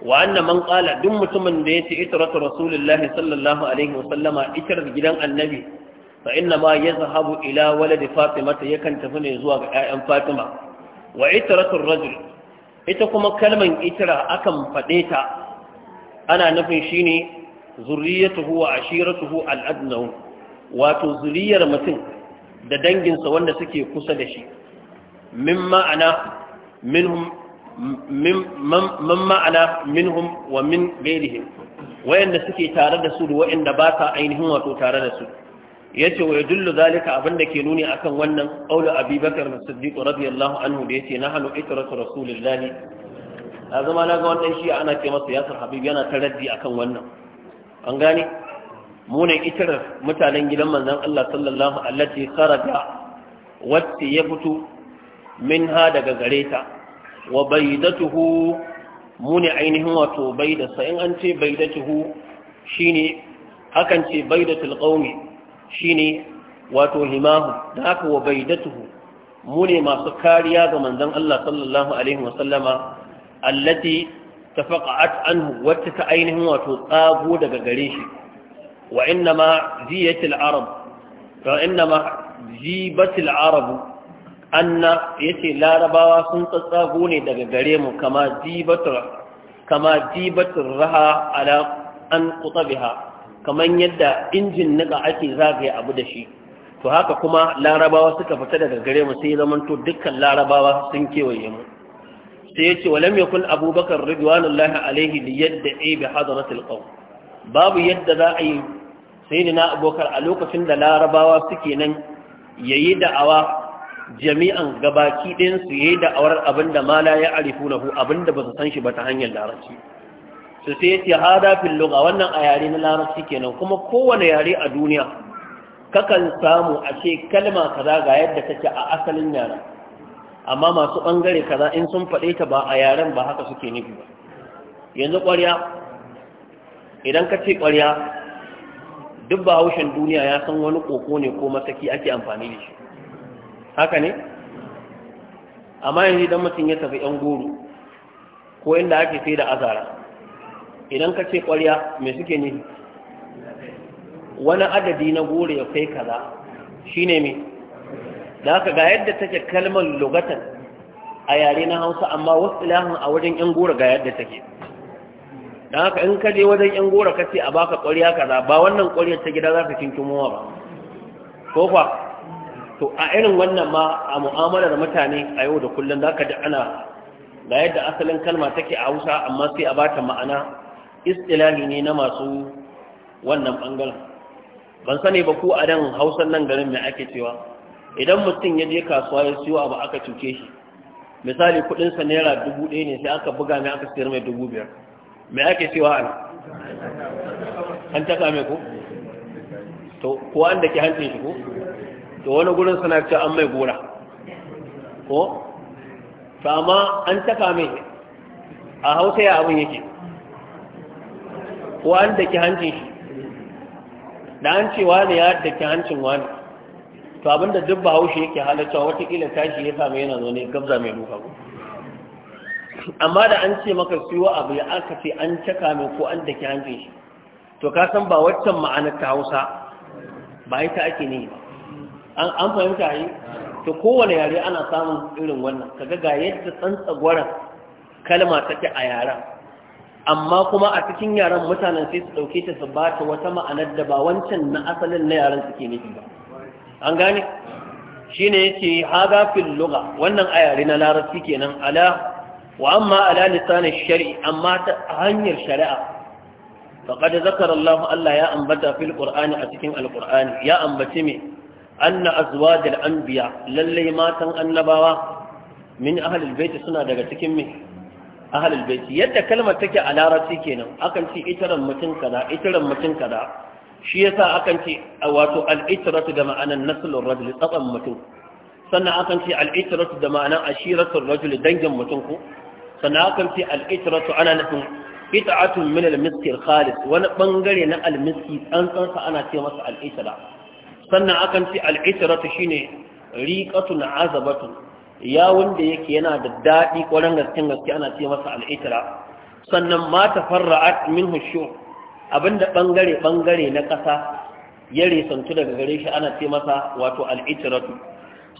wa anna man qala duk mutumin da yace itratu rasulullahi sallallahu alaihi wa sallama gidan annabi fa ma yazhabu ila waladi fatima yakan tafi ne zuwa ga ƴaƴan fatima wa itiratul rajul ita kuma kalman itira akan faɗe ta ana nufin shine zurriyatuhu wa ashiratuhu al wato zuriyar mutum da danginsa wanda suke kusa da shi min ma'ana minhum man ma'ana minhum wa min gairihim wayanda suke tare da su da wayanda ba ta ainihin wato tare da su Ya ce wa yadullu zalika abinda ke nuni akan wannan Audu abi da as radiyallahu anhu da yace nahnu itratu rasulillahi a zama na ga wannan shi ana ce masa yasir habib yana ta raddi akan wannan an gane mu ne itirar mutanen gidan manzon Allah sallallahu alaihi kharaja wacce ya fito minha daga gare ta wa baydatuhu mu ne ainihin wato baydasa in an ce baydatuhu shine hakan ce baydatul qaumi shine wato himahu da haka wa baidatuhu mu ne masu kariya ga manzan Allah sallallahu alaihi wasallama allati tafaqa'at anhu wacce ta ainihin wato tsago daga gare shi wa ma ziyatil arab wa innama zibatil arab anna yace larabawa sun tsatsago ne daga gare mu kama zibatul kama zibatul raha ala an qutabiha kamar yadda injin nika ake zagaye abu da shi to haka kuma larabawa suka fita daga gare mu sai zaman to dukkan larabawa sun kewaye mu sai yace walam yakun abubakar ridwanullahi alaihi li yadda ay bi hadratil qawm babu yadda za a yi sayyidina abubakar a lokacin da larabawa suke nan yayi da'awa jami'an gabaki ɗin su yayi da'awar abinda mala ya arifu lahu abinda ba su san shi ba ta hanyar larabci su sai yace hada fil lugha wannan a yare na larabci kenan kuma kowane yare a duniya kakan samu a ce kalma kaza ga yadda take a asalin yare amma masu bangare kaza in sun faɗe ta ba a yaren ba haka suke nufi ba yanzu ƙwarya idan ka ce ƙwarya duk bahaushen duniya ya san wani koko ne ko mataki ake amfani da shi haka ne amma yanzu idan mutum ya tafi yan goro ko inda ake sai da azara idan ka ce ƙwarya mai suke ne wani adadi na goro ya kai kaza shi ne mai da haka ga yadda take kalmar logatan a yare na hausa amma wasu ilahun a wajen yan goro ga yadda take don haka in ka je wajen yan goro ka ce a baka ƙwarya kaza ba wannan ƙwaryar ta gida za ka kinkimowa ba ko kwa to a irin wannan ma a mu'amalar mutane a yau da kullum za ka ji ana ga yadda asalin kalma take a hausa amma sai a bata ma'ana istilahi ne na masu wannan bangaren ban sani ba ku a dan hausan nan garin mai ake cewa idan mutum ya je kasuwa ya siyo abu aka cuke shi misali kudinsa naira dubu ɗaya ne sai aka buga mai aka siyar mai dubu biyar mai ake cewa ana an taka mai ko to kuwa an da ke hancin shi ko to wani gurin suna cewa an mai gora ko to amma an taka mai a hausa ya abin yake ko an daki hancin shi da an ce wani ya daki hancin wani to abinda duk ba haushe yake halarta watakila tashi ya samu yana zaune gabza mai duka ko amma da an ce maka siwa abu ya aka ce an caka mai ko an daki hancin shi to ka san ba waccan ma'anar ta hausa ba ta ake ne ba an fahimta yi to kowane yare ana samun irin wannan kaga ga yadda gwaran kalma take a yaren amma kuma a cikin yaren mutanen sai su ɗauke ta su ba ta wata ma'anar da ba wancan na asalin na yaren suke nufi ba an gane shine yace haga fil lugha wannan ayari na larabci kenan ala wa amma ala lisanin shari'i amma ta hanyar shari'a faqad zakara Allah Allah ya ambata fil qur'ani a cikin alqur'ani ya ambace me anna azwajul anbiya lalle matan annabawa min ahlul bait suna daga cikin me ahalul baiti yadda kalmar take a larabci kenan akan ce itaran mutum kaza itaran mutum kaza shi yasa akan ce wato al-itratu da ma'anan naslur rajul tsaban mutum sannan akan ce al-itratu da ma'anan ashiratul rajul dangin mutum ko sannan akan ce al-itratu ana nufin qita'atun min al-miski al-khalis wani bangare na al-miski tsantsan sa ana ce masa al-itra sannan akan ce al-itratu shine riqatun azabatu ya da yake yana da daɗi ƙwarar gaske gaske ana ce masa al'itira sannan ma ta farra'at min hushu abinda ɓangare-ɓangare na ƙasa ya resantu daga gare shi ana ce masa wato al'itiratu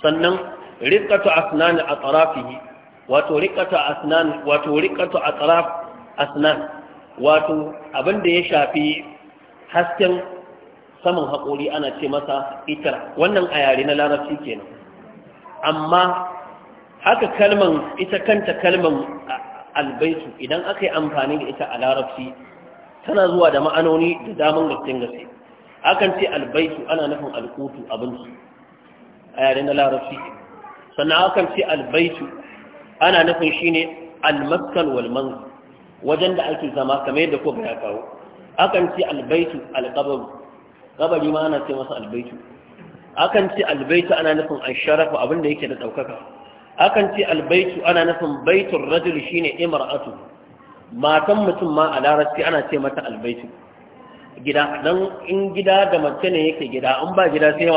sannan rikatu asnan a tsarafihi wato rikatu asnan wato rikata a tsaraf asnan wato abinda ya shafi hasken saman haƙori ana ce masa itira wannan a yare na larabci kenan amma haka kalman ita kanta kalman albaitu idan aka yi amfani da ita a larabci tana zuwa da ma'anoni da daman gaske gaske akan ce albaitu ana nufin alkutu abinci a yare na larabci sannan akan ce albaitu ana nufin shine ne wal walman, wajen da ake zama kamar yadda ko ya kawo akan ce albaitu alqabaru gabari ma ana ce masa albaitu akan ce albaitu ana nufin abin abinda yake da daukaka akan ce albaitu ana nufin baitun rajul shine imra'atu matan mutum ma a larabci ana ce mata albaitu gida dan in gida da mace ne yake gida in ba gida sai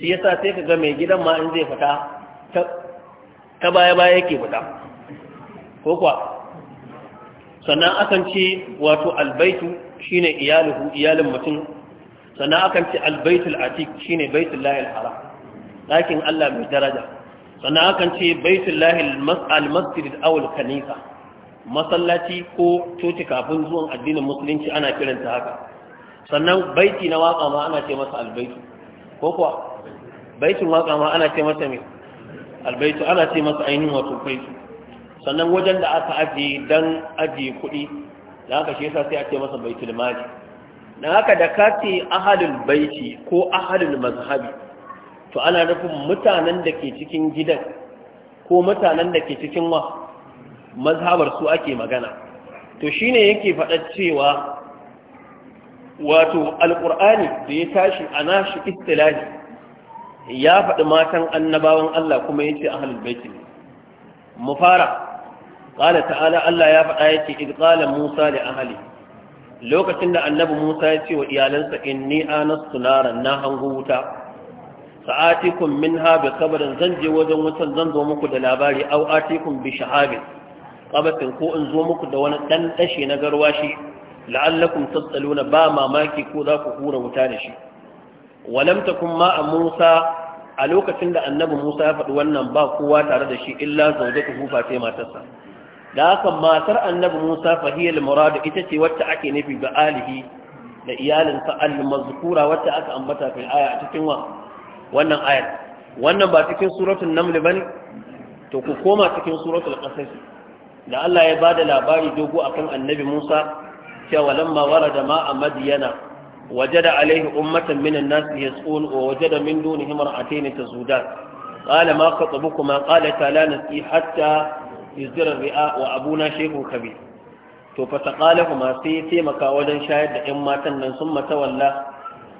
shi yasa sai ka ga mai gidan ma in zai fita ta baya baya yake fita ko kuwa sannan akan ce wato albaitu shine iyaluhu iyalin mutum sannan akan ce albaitul atik shine layin haram ɗakin Allah mai daraja sannan akan ce baitullahi al-masjid aw al-kanisa masallaci ko coci kafin zuwan addinin musulunci ana kiranta haka sannan baiti na waka ma ana ce masa albaitu ko kuwa baitin waka ma ana ce masa me albaitu ana ce masa ainihin wato baitu sannan wajen da aka ajiye dan ajiye kuɗi da haka shi yasa sai a ce masa baitul mali dan haka da kace ahalul baiti ko ahalul mazhabi to ana nufin mutanen da ke cikin gidan ko mutanen da ke cikin wa mazhabar su ake magana to shine yake faɗar cewa wato alƙur'ani da ya tashi a nashi istilahi ya faɗi matan annabawan Allah kuma ya ce a ahalul ne. mu fara ƙala ta'ala Allah ya faɗa ya ce idƙalan Musa da ahali lokacin da annabi Musa ya ce wa iyalansa in ni anastu naran na hango wuta sa'atikum min bi kabarin zan je wajen wutan zan zo muku da labari au atikum bi shahabin ƙabafin ko in zo muku da wani ɗan dashi na garwashi la'allakum na ba mamaki ko za ku hura wuta da shi Walamta takum ma Musa a lokacin da annabi Musa ya faɗi wannan ba kowa tare da shi illa zawjatu hufa sai matarsa da haka matar annabi Musa fahiyal murad ita ce wacce ake nufi ga alihi da iyalinsa al-mazkura wacce aka ambata fil aya a cikin wa wannan ayat wannan ba cikin suratul naml bane to ku koma cikin suratul qasas da Allah ya ba da labari dogo akan annabi Musa cewa lamma da ma amadiyana wajada alaihi ummatan minan nas yasqun wa wajada min dunihim ra'atayn tazudan qala ma khatabukuma qala tala nasi hatta izdira ri'a wa abuna shaykhun kabir to fa taqalahuma sai taimaka wajen shayar da 'yan matan nan sun mata walla.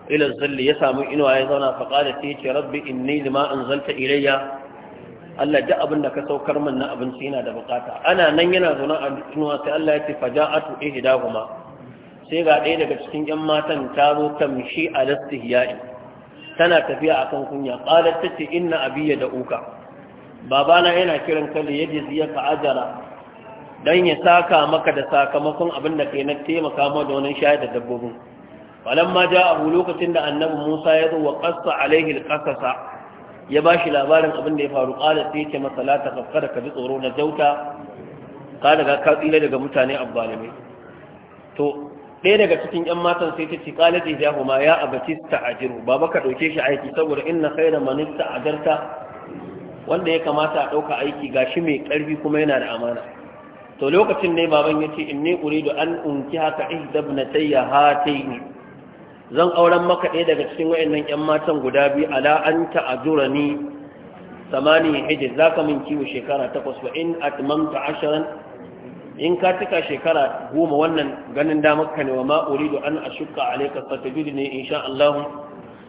ila zalli ya samu inuwa ya zauna fa qala sai ce rabbi inni lima zalta ilayya Allah ji abin da ka saukar min na abinci yana da bukata ana nan yana zaune a inuwa sai Allah ya ce faja'atu ihdahuma sai ga ɗaya daga cikin ƴan matan ta zo tamshi a lastihya'i tana tafiya akan kunya qalat tace inna abiya da uka babana yana kiran ka li yajziyaka ajara dan ya saka maka da sakamakon abin da kai na taimaka ma da shayar da dabbobin falamma ja'ahu lokacin da annabi Musa ya zo wa kasa alaihi alqasasa ya bashi labarin abin da ya faru qala sai yake masa la taqaffara ka tsoro na jauta ka daga ka tsira daga mutane abbalime to ɗaya daga cikin 'yan matan sai ta ce qalat ihdahuma ya abati ta'jiru baba ka dauke shi aiki saboda inna khayra man ta'jarta wanda ya kamata a dauka aiki gashi mai karfi kuma yana da amana to lokacin ne baban ce inni uridu an unki haka ihdabnatayya hataini zan auren maka ɗaya daga cikin wa'annan 'yan matan guda biyu ala anta ni samani hijir ka min kiwo shekara takwas wa in atmamta asharan in ka cika shekara goma wannan ganin damar ka ne wa ma'uri da an ashukka ne in insha Allah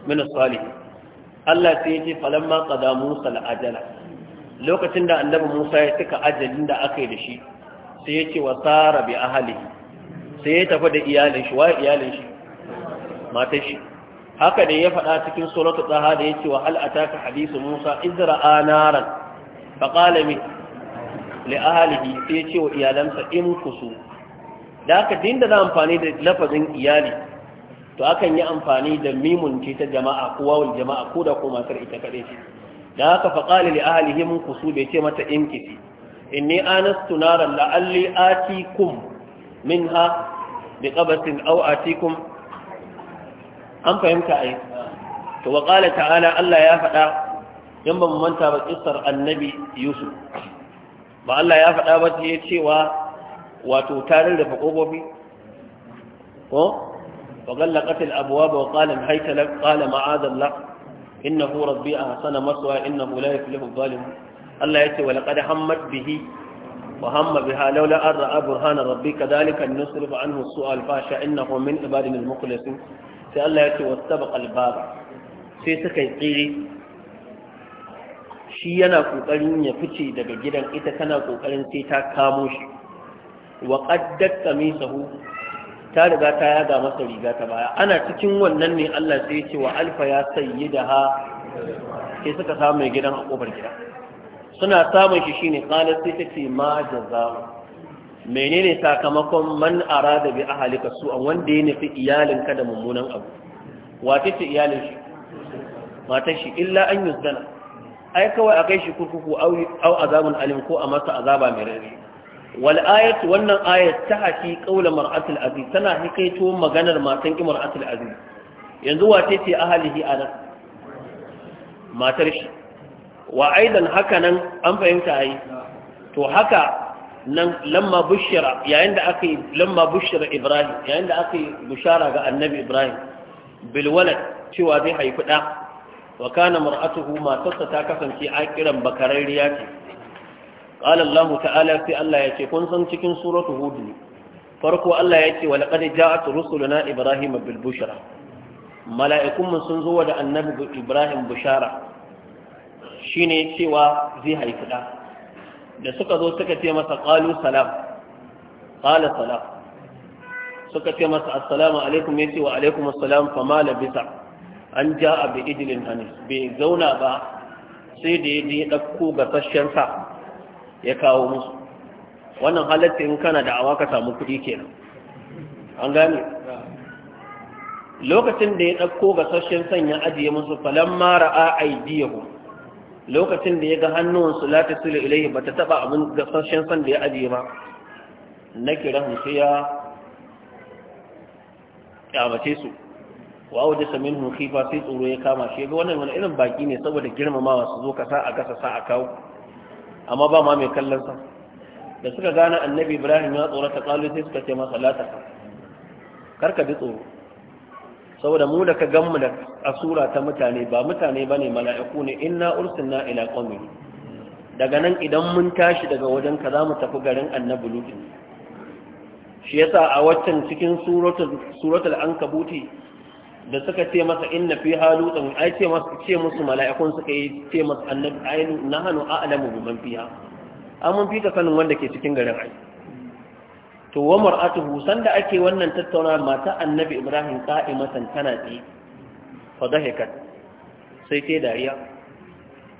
min asali Allah sai ya ce falon ma qada Musa la'ajala. lokacin da annabi Musa ya cika ajalin da aka yi da shi sai ya ce wa tsara bi ahlihi sai ya tafi da iyalin shi wa iyalin shi matar shi haka ne ya faɗa cikin suratul taha da yace wa hal ataka hadisu musa izra'a naran fa qala mi li ahlihi sai yace wa iyalansa in kusu da aka dinda da amfani da lafazin iyali to akan yi amfani da mimun ce ta jama'a ko wawul jama'a ko da ko matar ita kadai ce da haka fa qala li ahlihi mun kusu bai ce mata in kisi inni anastu naran la'alli atikum minha bi qabatin aw atikum an fahimta ai to wa ƙala ta'ala Allah ya faɗa in ban manta ba kissar annabi Yusuf ba Allah ya faɗa ba ta cewa wato tarin da fakobobi ko wa ghallaqat al-abwab wa qala hayta lak qala ma'adha Allah innahu rabbi ahsana maswa innahu la yuflihu adh-dhalimun Allah yace wa laqad hammat bihi وهم بها لولا أن رأى برهان ربي كذلك أن نصرف عنه السوء الفاشا إنه من عبادنا المخلصين sai Allah ya ce wasaba albaba sai suka yi tsere shi yana ƙoƙarin ya fice daga gidan ita tana kokarin sai ta kamo shi wa tsami sahu ta riga ta yaga masa riga ta baya ana cikin wannan ne Allah sai ya ce wa alfa ya ha sai suka samu gidan a ƙofar gida suna samun shi shine qalat sai ta ce ma jazaa'u menene sakamakon man arada bi ahalika su'an wanda ya nufi iyalinka da mummunan abu wace ce iyalin shi matan shi illa an yuzdana ai kawai a kai shi kurkuku au azabun alim ko a masa azaba mai rari wal ayat wannan ayat ta haki qaula mar'atul aziz tana hikaito maganar matan imra'atul aziz yanzu wace ce ahalihi anan matar shi wa aidan haka nan an fahimta yi. to haka nan lamma bushira yayin da aka yi lamma bushira ibrahim yayin da aka yi bushara ga annabi ibrahim bilwalad cewa zai haifi ɗa wa kana mar'atuhu matarsa ta kasance aƙiran bakararriya ce qala allah ta'ala sai allah ya ce kun san cikin suratu hud ne farko allah ya ce wa laqad ja'at rusuluna ibrahim bil bushra mala'ikun sun zo da annabi ibrahim bushara shine cewa zai haifi ɗa da suka zo suka ce masa qalu salam qala salam suka ce masa assalamu alaikum yace wa alaikum assalam mala labisa an ja'a bi idlin hanis bai zauna ba sai da ya je ga sashen sa ya kawo musu wannan halatta in kana da awa ka samu kuɗi kenan an gane lokacin da ya sashen san sanya ajiye musu falamma ra'a a aidiyahu lokacin da ya ga hannuwansu lati ta sule ilayhi ba ta taɓa abin gasashen san da ya ajiye ba na kira sai ya kyamace su wa waje samin hunki ba sai tsoro ya kama shi ga wannan wani irin baki ne saboda girmamawa su zo kasa a gasa sa a kawo amma ba ma mai kallon sa da suka gane annabi ibrahim ya tsorata kalu sai suka ce masa lataka karka bi tsoro saboda mu da ka ganmu da asura ta mutane ba mutane bane mala'iku ne inna ursilna ila qaumin daga nan idan mun tashi daga wajen ka mu tafi garin annabu lut shi yasa a waccan cikin suratul suratul ankabuti da suka ce masa inna fi halutan ai ce masa ce musu mala'ikun suka yi ce masa annabi ainu nahnu a'lamu man fiha amma mun fita sanin wanda ke cikin garin ai to wa mar'atuhu sanda ake wannan tattauna mata annabi ibrahim qa'imatan tana tsaye fa sai ta dariya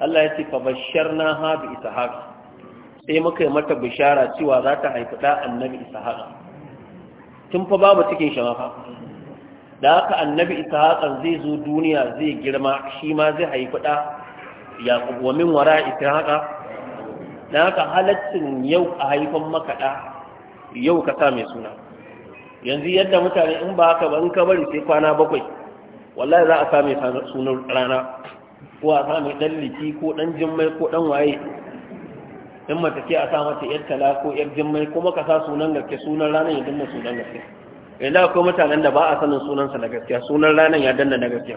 Allah ya ce fa basharnaha bi ishaq sai muka yi mata bishara cewa za ta haifi da annabi ishaq tun fa babu cikin shi da haka annabi ishaq zai zo duniya zai girma shi ma zai haifi da yaqub wa min wara ishaq da haka halaccin yau a haifan maka da yau ka sa mai suna yanzu yadda mutane in ba haka ba in ka bari sai kwana bakwai wallahi za a sa mai sunan rana ko a sa mai dan liki ko dan jimmai ko dan waye in mace ke a sa mata yar tala ko yar jimmai kuma ka sa sunan gaske sunan ranar ya danna sunan gaske yanzu akwai mutanen da ba a sanin sunansa na gaskiya sunan ranar ya danna na gaskiya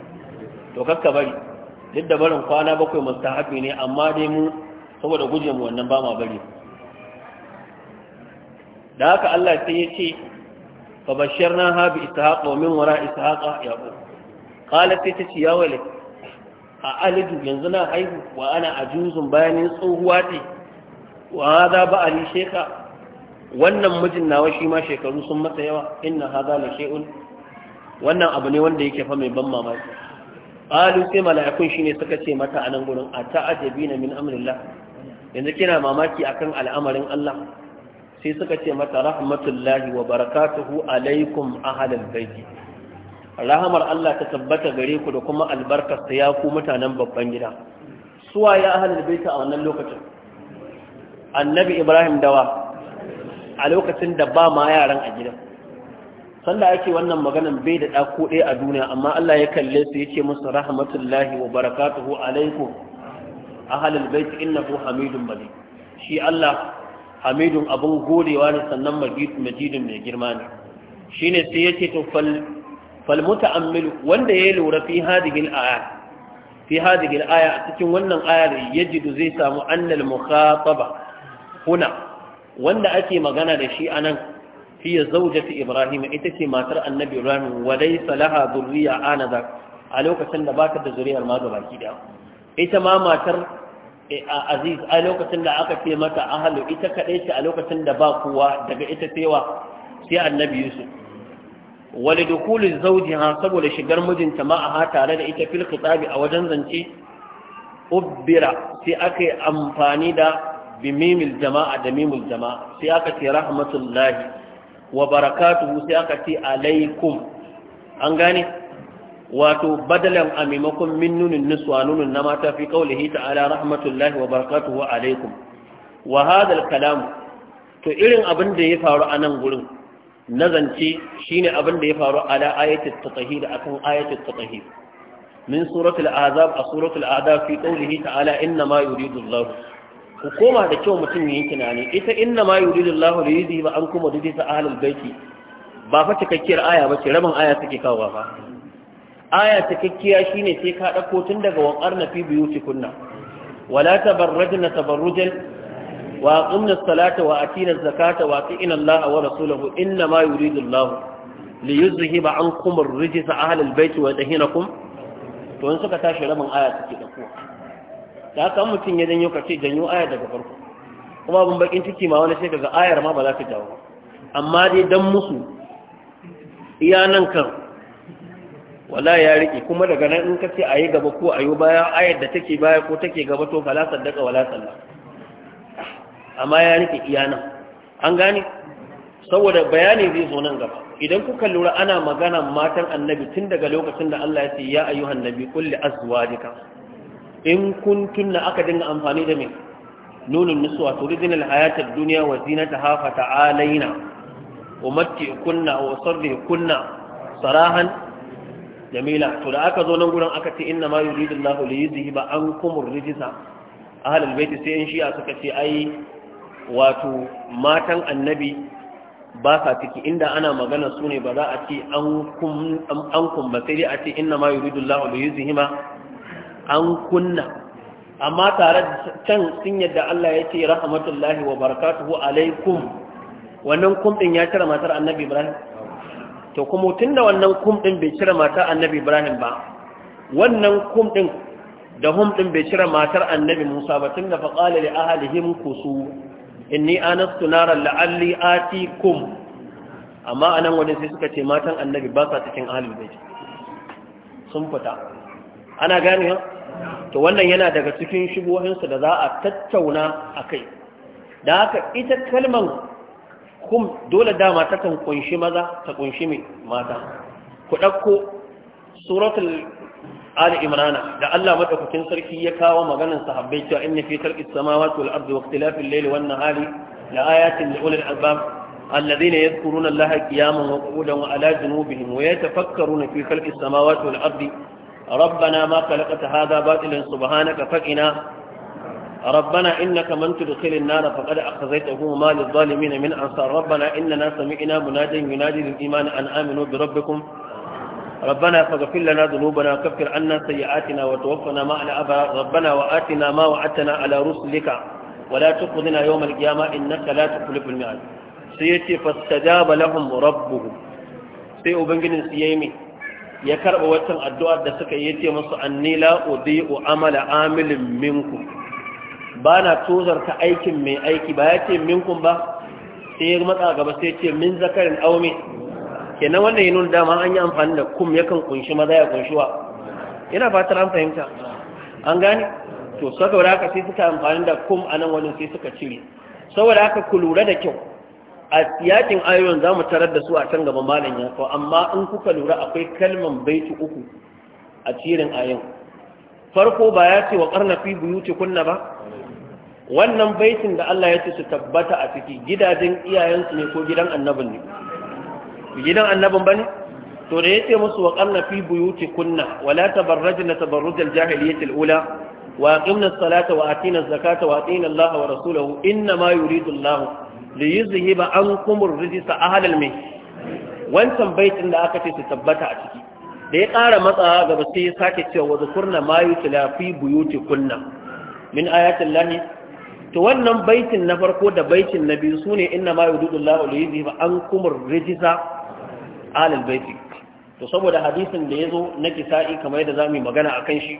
to kakka bari duk da barin kwana bakwai mustahabi ne amma dai mu saboda gujewa mu wannan ba ma bari da haka Allah sai ya ce fa basharna ha bi ishaq wa min wara ishaq yaqub sai ta ce ya wale a alidu yanzu na haihu wa ana ajuzun bayanin tsohuwa ce wa hada ba ali sheka wannan mijin nawa shi ma shekaru sun masa yawa inna hada la shay'un wannan abu ne wanda yake fa mai ban mamaki Alu sai mala'ikun shine suka ce mata anan gurin ata'ajabina min amrillah yanzu kina mamaki akan al'amarin Allah sai suka ce mata rahmatullahi wa barakatuhu alaikum ahalal baiti rahamar Allah ta tabbata gare ku da kuma albarkar ta ya ku mutanen babban gida suwa ya ahalal baiti a wannan lokacin annabi Ibrahim dawa a lokacin da ba ma yaran a gidan sanda ake wannan maganan bai da ɗako ɗaya a duniya amma Allah ya kalle su ya ce musu rahmatullahi wa barakatuhu alaikum ahalul bait innahu hamidun malik shi Allah hamidun abin godewa ne sannan majidun mai girma ne shi ne sai ya ce to falmuta ammilu wanda ya lura fi hadigin aya fi hadigin aya a cikin wannan ayar ya zai samu annal mukhataba huna wanda ake magana da shi anan fi zaujati ibrahim ita ce matar annabi ibrahim Wadai, Salaha, laha dhurriya anada a lokacin da baka da zuriyar ma baki da ita ma matar Eh, aziz a lokacin da aka ce mata ahalu ita kaɗai ce a lokacin da ba kowa daga ita cewa sai annabi yusuf wali dukulin zauji ha saboda shigar mijinta ma'aha tare da ita fil khitabi a wajen zance ubbira sai aka yi amfani da bimimil jama'a da mimil jama'a sai aka ce rahmatullahi wa barakatuhu sai aka ce alaikum an gane wato badalan a maimakon min nunin nuswa nunin na mata fi kaulihi ta'ala rahmatullahi wa barakatuhu alaikum wa hadal kalam to irin abin da ya faru a nan gurin nazance ne abin da ya faru ala ayatul tatahir akan ayatul tatahir min suratul azab a suratul azab fi kaulihi ta'ala inna ma yuridu ku koma da kyau mutum yayin tunani ita inna ma da Allah yuridu ba an kuma dide ta ahlul baiti ba fa cikakkiyar aya ba ce rabin aya suke kawo ba aya shi ne sai ka dauko tun daga na fi biyu nan. wala ta na tabarrajna tabarrujal wa aqimna as-salata wa atina az-zakata wa ina Allah wa rasulahu inna ma yuridu Allah li yuzhiba ankum ar-rijsa ahli al-bayt wa kum? to in suka tashi rabin aya take dauko Ta haka mutum ya danyo kace janyo aya daga farko kuma abin bakin ciki ma wani sai kaga ayar ma ba za ta dawo amma dai don musu iya nan kan wala ya riƙe kuma daga nan in ka ce a yi gaba ko a yi baya ayar da take baya ko take gaba to fala saddaka wala sallah amma ya riƙe iya nan an gane saboda bayani zai zo nan gaba idan kuka lura ana magana matan annabi tun daga lokacin da Allah ya ce ya ayyuhan nabi kulli azwajika in kuntunna aka dinga amfani da mai nunun nusuwa turidina alhayatad dunya wa zinataha fa ta'alaina kunna wa kunna sarahan jamila to da aka zo nan gurin aka ce inna ma yuridu Allahu li yuzhiba ankum ar-rijsa ahlul bait sai in shi'a suka ce ai wato matan annabi ba sa ciki inda ana magana su ne ba za a ce an kum ba sai dai a ce inna ma yuridu Allahu li an kunna amma tare can sun yadda Allah ya ce rahmatullahi wa barakatuhu alaikum wannan kum din ya cire matar annabi Ibrahim to kuma tun da wannan kum ɗin bai cire matar annabi ibrahim ba wannan kum ɗin da hum ɗin bai cire matar annabi musa ba tun da faƙalar da ahalihim kusu inni anastu nara la'alli ati kum amma a nan wani sai suka ce matan annabi ba sa cikin ahalin bai sun fita ana gani to wannan yana daga cikin shigohinsu da za a tattauna a kai da haka ita kalmar Kum dole dama ta kan kunshi maza ta kunshi mata ku ɗauko suratul ali imrana da Allah madaukakin sarki ya kawo maganar sahabbai cewa inna fi sarkis samawati wal ardi waqtilafil layli wan nahari la ayatin li na albab alladhina yadhkuruna Allaha qiyaman wa qu'udan wa ala junubihim wa yatafakkaruna fi khalqis samawati wal ardi rabbana ma khalaqta hadha batilan subhanaka faqina ربنا إنك من تدخل النار فقد أخذيته وما للظالمين من أنصار ربنا إننا سمعنا منادا ينادي للإيمان أن آمنوا بربكم ربنا فاغفر لنا ذنوبنا وكفر عنا سيئاتنا وتوفنا مع الأبرار ربنا وآتنا ما وعدتنا على رسلك ولا تخذنا يوم القيامة إنك لا تخلف الميعاد سيتي فاستجاب لهم ربهم سيء بنجن سيامي ya karɓa watan addu'ar da suka yi ce masu anni la'udi amala amilin minku ba na tozarta aikin mai aiki ba ya ce kun ba sai ya matsa gaba sai ce min zakarin aume nan wannan yi nuna dama an yi amfani da kum yakan kunshi maza ya kunshi wa yana fatar an fahimta an gane to saboda haka sai suka amfani da kum a nan wani sai suka cire saboda haka ku lura da kyau a yakin ayoyin za mu tarar da su a can gaba malam ya to amma in kuka lura akwai kalman baiti uku a cirin ayin farko ba ya ce wa karna fi buyuti kunna ba wannan baitin da Allah ya ce su tabbata a ciki gidajen iyayensu ne ko gidan annabin ne gidan annabin bane to da yace musu wa qarna fi kunna, wala la tabarrajna tabarruj al-jahiliyyah ula wa aqimna as-salata wa atina az-zakata wa atina Allah wa rasulahu inna ma yuridu Allah li yuzhiba ankum ar-rijsa ahla al wancan baitin da aka ce su tabbata a ciki da ya ƙara matsawa gaba sai ya sake cewa wa zakurna ma yutla fi kunna. min ayatin lahi to wannan baitin na farko da baitin na biyu sune inna ma yudullahu alayhi bi an kumur rijisa alal baiti to saboda hadisin da ya zo na kisa'i kamar yadda zamu magana akan shi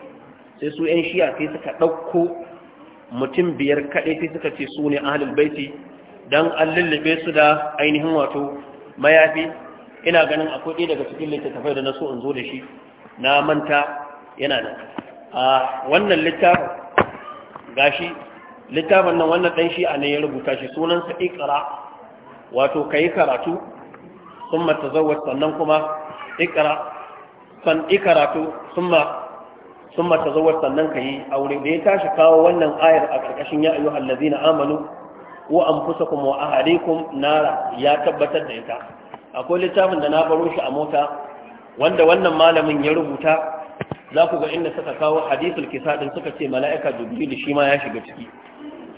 sai su yan shi'a sai suka ɗauko mutum biyar kaɗai sai suka ce ne ahlul baiti dan an lullube su da ainihin wato mayafi ina ganin akwai ɗaya daga cikin littattafai da na so in zo da shi na manta yana nan a wannan littafin gashi littafin nan wannan ɗan shi'a ne ya rubuta shi sunansa ikra wato ka yi karatu sun mata zawar sannan kuma san ikaratu sun mata zawar sannan ka yi aure da ya tashi kawo wannan ayar a ƙarƙashin ya ayyuhal lazina amanu wa kuma wa ahalikum nara ya tabbatar da ita akwai littafin da na baro shi a mota wanda wannan malamin ya rubuta za ku ga inda suka kawo hadisul kisa suka ce mala'ika jibril shi ma ya shiga ciki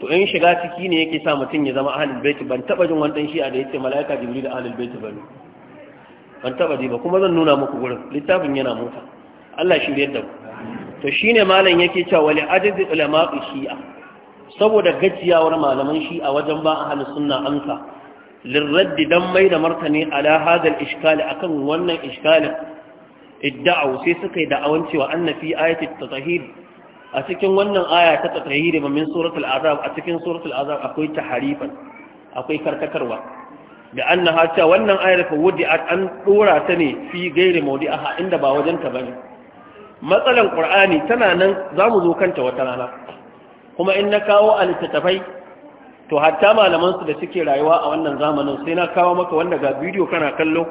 to in shiga ciki ne yake sa mutum ya zama ahlul baiti ban taba jin wani dan shi'a da yace malaika jibril ahlul baiti bane ban taba ji ba kuma zan nuna muku gurin littafin yana mota Allah shi da ku. to shine malam yake cewa wali ajazi ulama shi'a saboda gajiyawar malaman shi'a wajen ba ahlus sunna amsa lirraddi dan mai da martani ala hadal iskali akan wannan iskalin idda'u sai suka yi da'awan cewa anna fi ayati at-tahir a cikin wannan aya ta tsatsahiri min suratul azab a cikin suratul azab akwai taharifan akwai karkatarwa da an na wannan ayar fa wudi an dora ta ne fi gairi maudi'aha inda ba wajen ta bane matsalan qur'ani tana nan zamu zo kanta wata rana kuma in na kawo alittafai to hatta malaman su da suke rayuwa a wannan zamanin sai na kawo maka wanda ga bidiyo kana kallo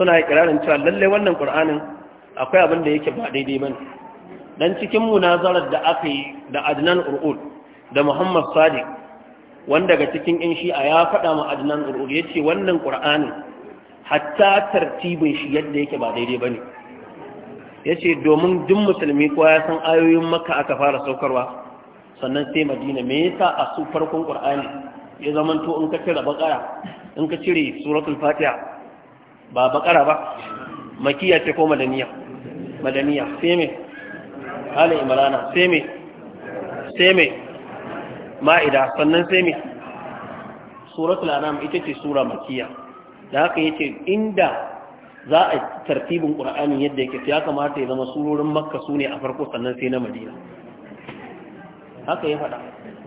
suna ikirarin cewa lalle wannan qur'anin akwai abin da yake ba daidai bane dan cikin munazarar da aka yi da Adnan Ur'ud da Muhammad Sadiq wanda daga cikin in shi'a ya faɗa ma Adnan Ur'ud yace wannan Qur'ani hatta tartibin shi yadda yake ba daidai bane yace domin duk musulmi kowa ya san ayoyin Makka aka fara saukarwa sannan sai Madina me yasa a su farkon Qur'ani ya zamanto in ka cire bakara in ka cire suratul Fatiha ba bakara ba makiya ce ko madaniya madaniya sai me ali imrana sai me sai ma'ida sannan sai me suratul anam ita ce sura makkiya da haka yace inda za a tartibin qur'ani yadda yake ya kamata ya zama surorin makka su a farko sannan sai na madina haka ya faɗa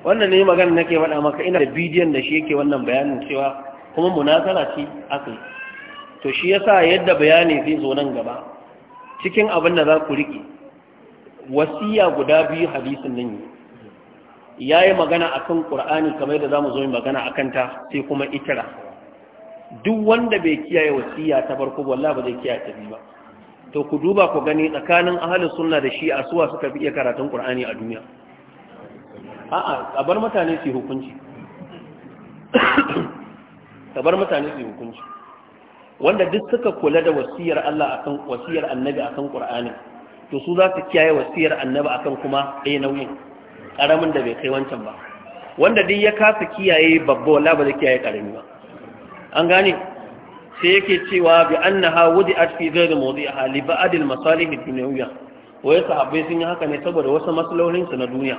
wannan ne magana nake faɗa maka ina da bidiyon da shi yake wannan bayanin cewa kuma munazara ce akai to shi yasa yadda bayani zai zo nan gaba cikin abin da za ku rike wasiya guda biyu hadisin nan ya yi magana a kan ƙura'ani kamar yadda za mu zo yi magana a kanta sai kuma itira duk wanda bai kiyaye wasiya ta farko wallah ba zai kiyaye ta biyu ba to ku duba ku gani tsakanin ahalin sunna da shi a suwa suka fi iya karatun ƙura'ani a duniya a'a a bar mutane su hukunci ka bar mutane su hukunci wanda duk suka kula da wasiyar Allah akan wasiyar annabi akan Qur'ani to su za su kiyaye wasiyar annaba akan kuma ɗaya nauyin ƙaramin da bai kai wancan ba wanda duk ya kasa kiyaye babba wala ba zai kiyaye ƙarami ba an gane sai yake cewa bi annaha wudi'at fi ghayri mawdi'iha li ba'd al-masalih ad-dunyawiyya wa ya sahabbai sun yi haka ne saboda wasu maslahohin su na duniya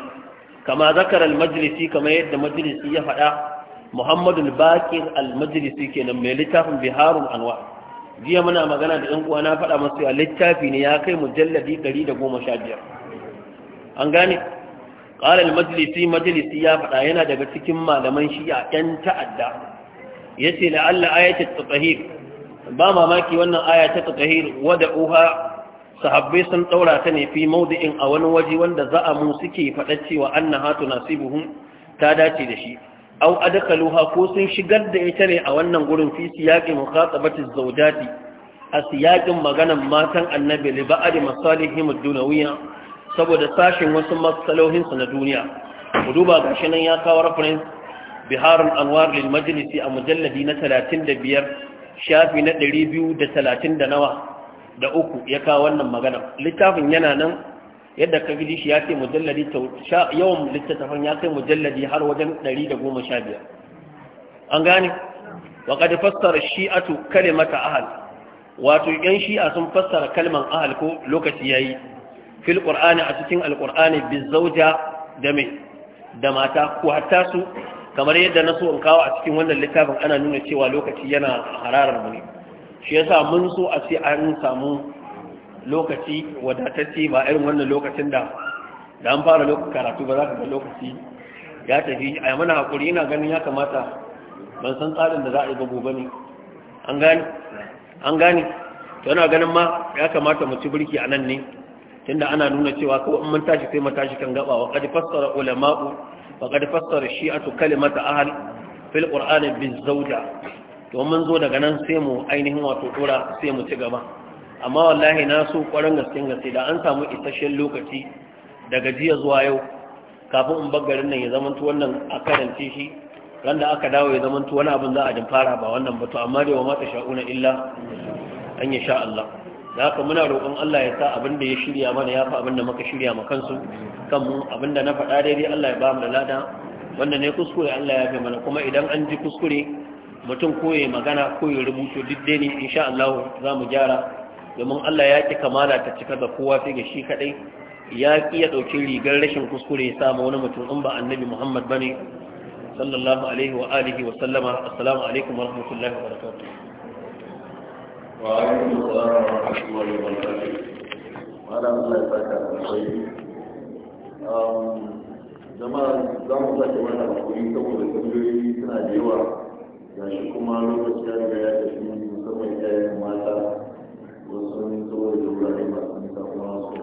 kama zakara al-majlisi kama yadda majlisi ya faɗa Muhammadu al-Baqir al-Majlisi kenan mai littafin Biharul Anwar jiya muna magana da yan uwa na faɗa masu ya littafi ne ya kai mujalladi 115 an gane ƙalar majalisi majlisi majlisi ya faɗa yana daga cikin malaman shi'a yan ta'adda yace la'alla Aya at tsahir ba mamaki wannan aya ta at-tahir wada'uha sahabbai sun ɗaura ta ne fi maudu'in a wani waje wanda za a mu suke faɗa cewa annaha tunasibuhum ta dace da shi au adakaluha ko sun shigar da ita ne a wannan gurin fi siyaqi mukhatabati zawjati a siyaƙin maganan matan annabi li ba'di masalihim ad-dunawiyya saboda sashin wasu masalohin na duniya ku duba gashi nan ya kawo reference bihar al-anwar lil majlisi a mujalladi na 35 shafi na 230 da uku ya kawo wannan magana littafin yana nan yadda ka gidi shi ya ce mujalladi yawan littattafan ya kai mujalladi har wajen 115 an gane wa qad fassara shi'atu kalimata ahal wato yan shi'a sun fassara kalman ahal ko lokaci yayi fil qur'ani a cikin alqur'ani bizauja da da mata ko hatta su kamar yadda na so in kawo a cikin wannan littafin ana nuna cewa lokaci yana hararar mu ne shi yasa mun so a ce an samu lokaci wadatacce ba irin wannan lokacin da da an fara lokacin karatu ba za ka ga lokaci ya tafi a yi mana haƙuri ina ganin ya kamata ban san tsarin da za a yi babu ba ne an gane an to yana ganin ma ya kamata mu ci birki a nan ne tunda ana nuna cewa ko in mun tashi sai mu tashi kan gaba wa qad fassara ulama'u wa qad fassara shi'atu kalimata ahl fil qur'ani bizawja to mun zo daga nan sai mu ainihin wato dora sai mu ci gaba amma wallahi na so ƙwarar gaskin gaske da an samu isasshen lokaci daga jiya zuwa yau kafin in garin nan ya zamanto wannan a karance shi ran da aka dawo ya zamanto wani abin za a jin fara ba wannan ba to amma da wa mata sha'una illa an ya sha Allah da haka muna roƙon Allah ya sa abin da ya shirya mana ya fa abin da muka shirya ma kansu kan mu abin da na faɗa daidai Allah ya ba mu da lada wanda ne kuskure Allah ya fi mana kuma idan an ji kuskure mutum koye magana koye rubutu duk dai ne insha Allah za mu gyara domin Allah ya ki kamala ta cika da kowa sai ga shi kadai ya ki ya dauki rigar rashin kuskure ya samu wani mutum in ba annabi Muhammad bane sallallahu alaihi wa alihi wa sallama assalamu alaikum wa rahmatullahi wa barakatuh wa alaikum wa rahmatullahi wa barakatuh um, za mu saboda da yawa kuma lokaci ya riga ya tafi musamman iyayen mata wasu sun zo da wurare masu nisa kuma su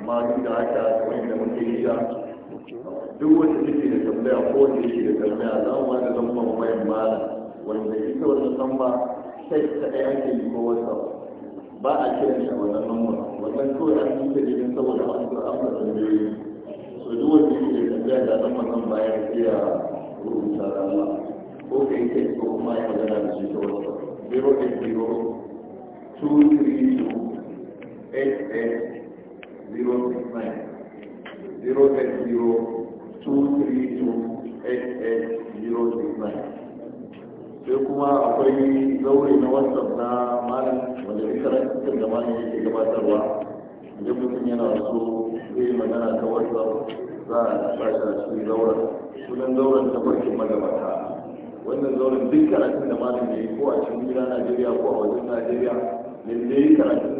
masu yayansu amma duk da haka kamar da muke yi a duk wanda take da tambaya ko wanda yake da tambaya za mu ba da lamba wayan wanda ita wata lamba sai ta ɗaya ake yi ko wata ba a kiran shi a wannan lamba wannan kawai an yi ta gidan saboda an fi amsa tambayoyi so duk wanda yake da tambaya da lamba nan bayan sai rubuta da ko kai kai ko kuma ya magana da shi ta wata 080 sai kuma akwai zaure na whatsapp na malam wanda duka rantar da malam yake gabatarwa idan mutum yana so zai magana ta whatsapp za a sa shi cikin zauren sunan zauren ta barkin magabata wannan zauren duk karatun da malam ya yi ko a cikin gida najeriya ko a wajen najeriya da ya yi karatu ne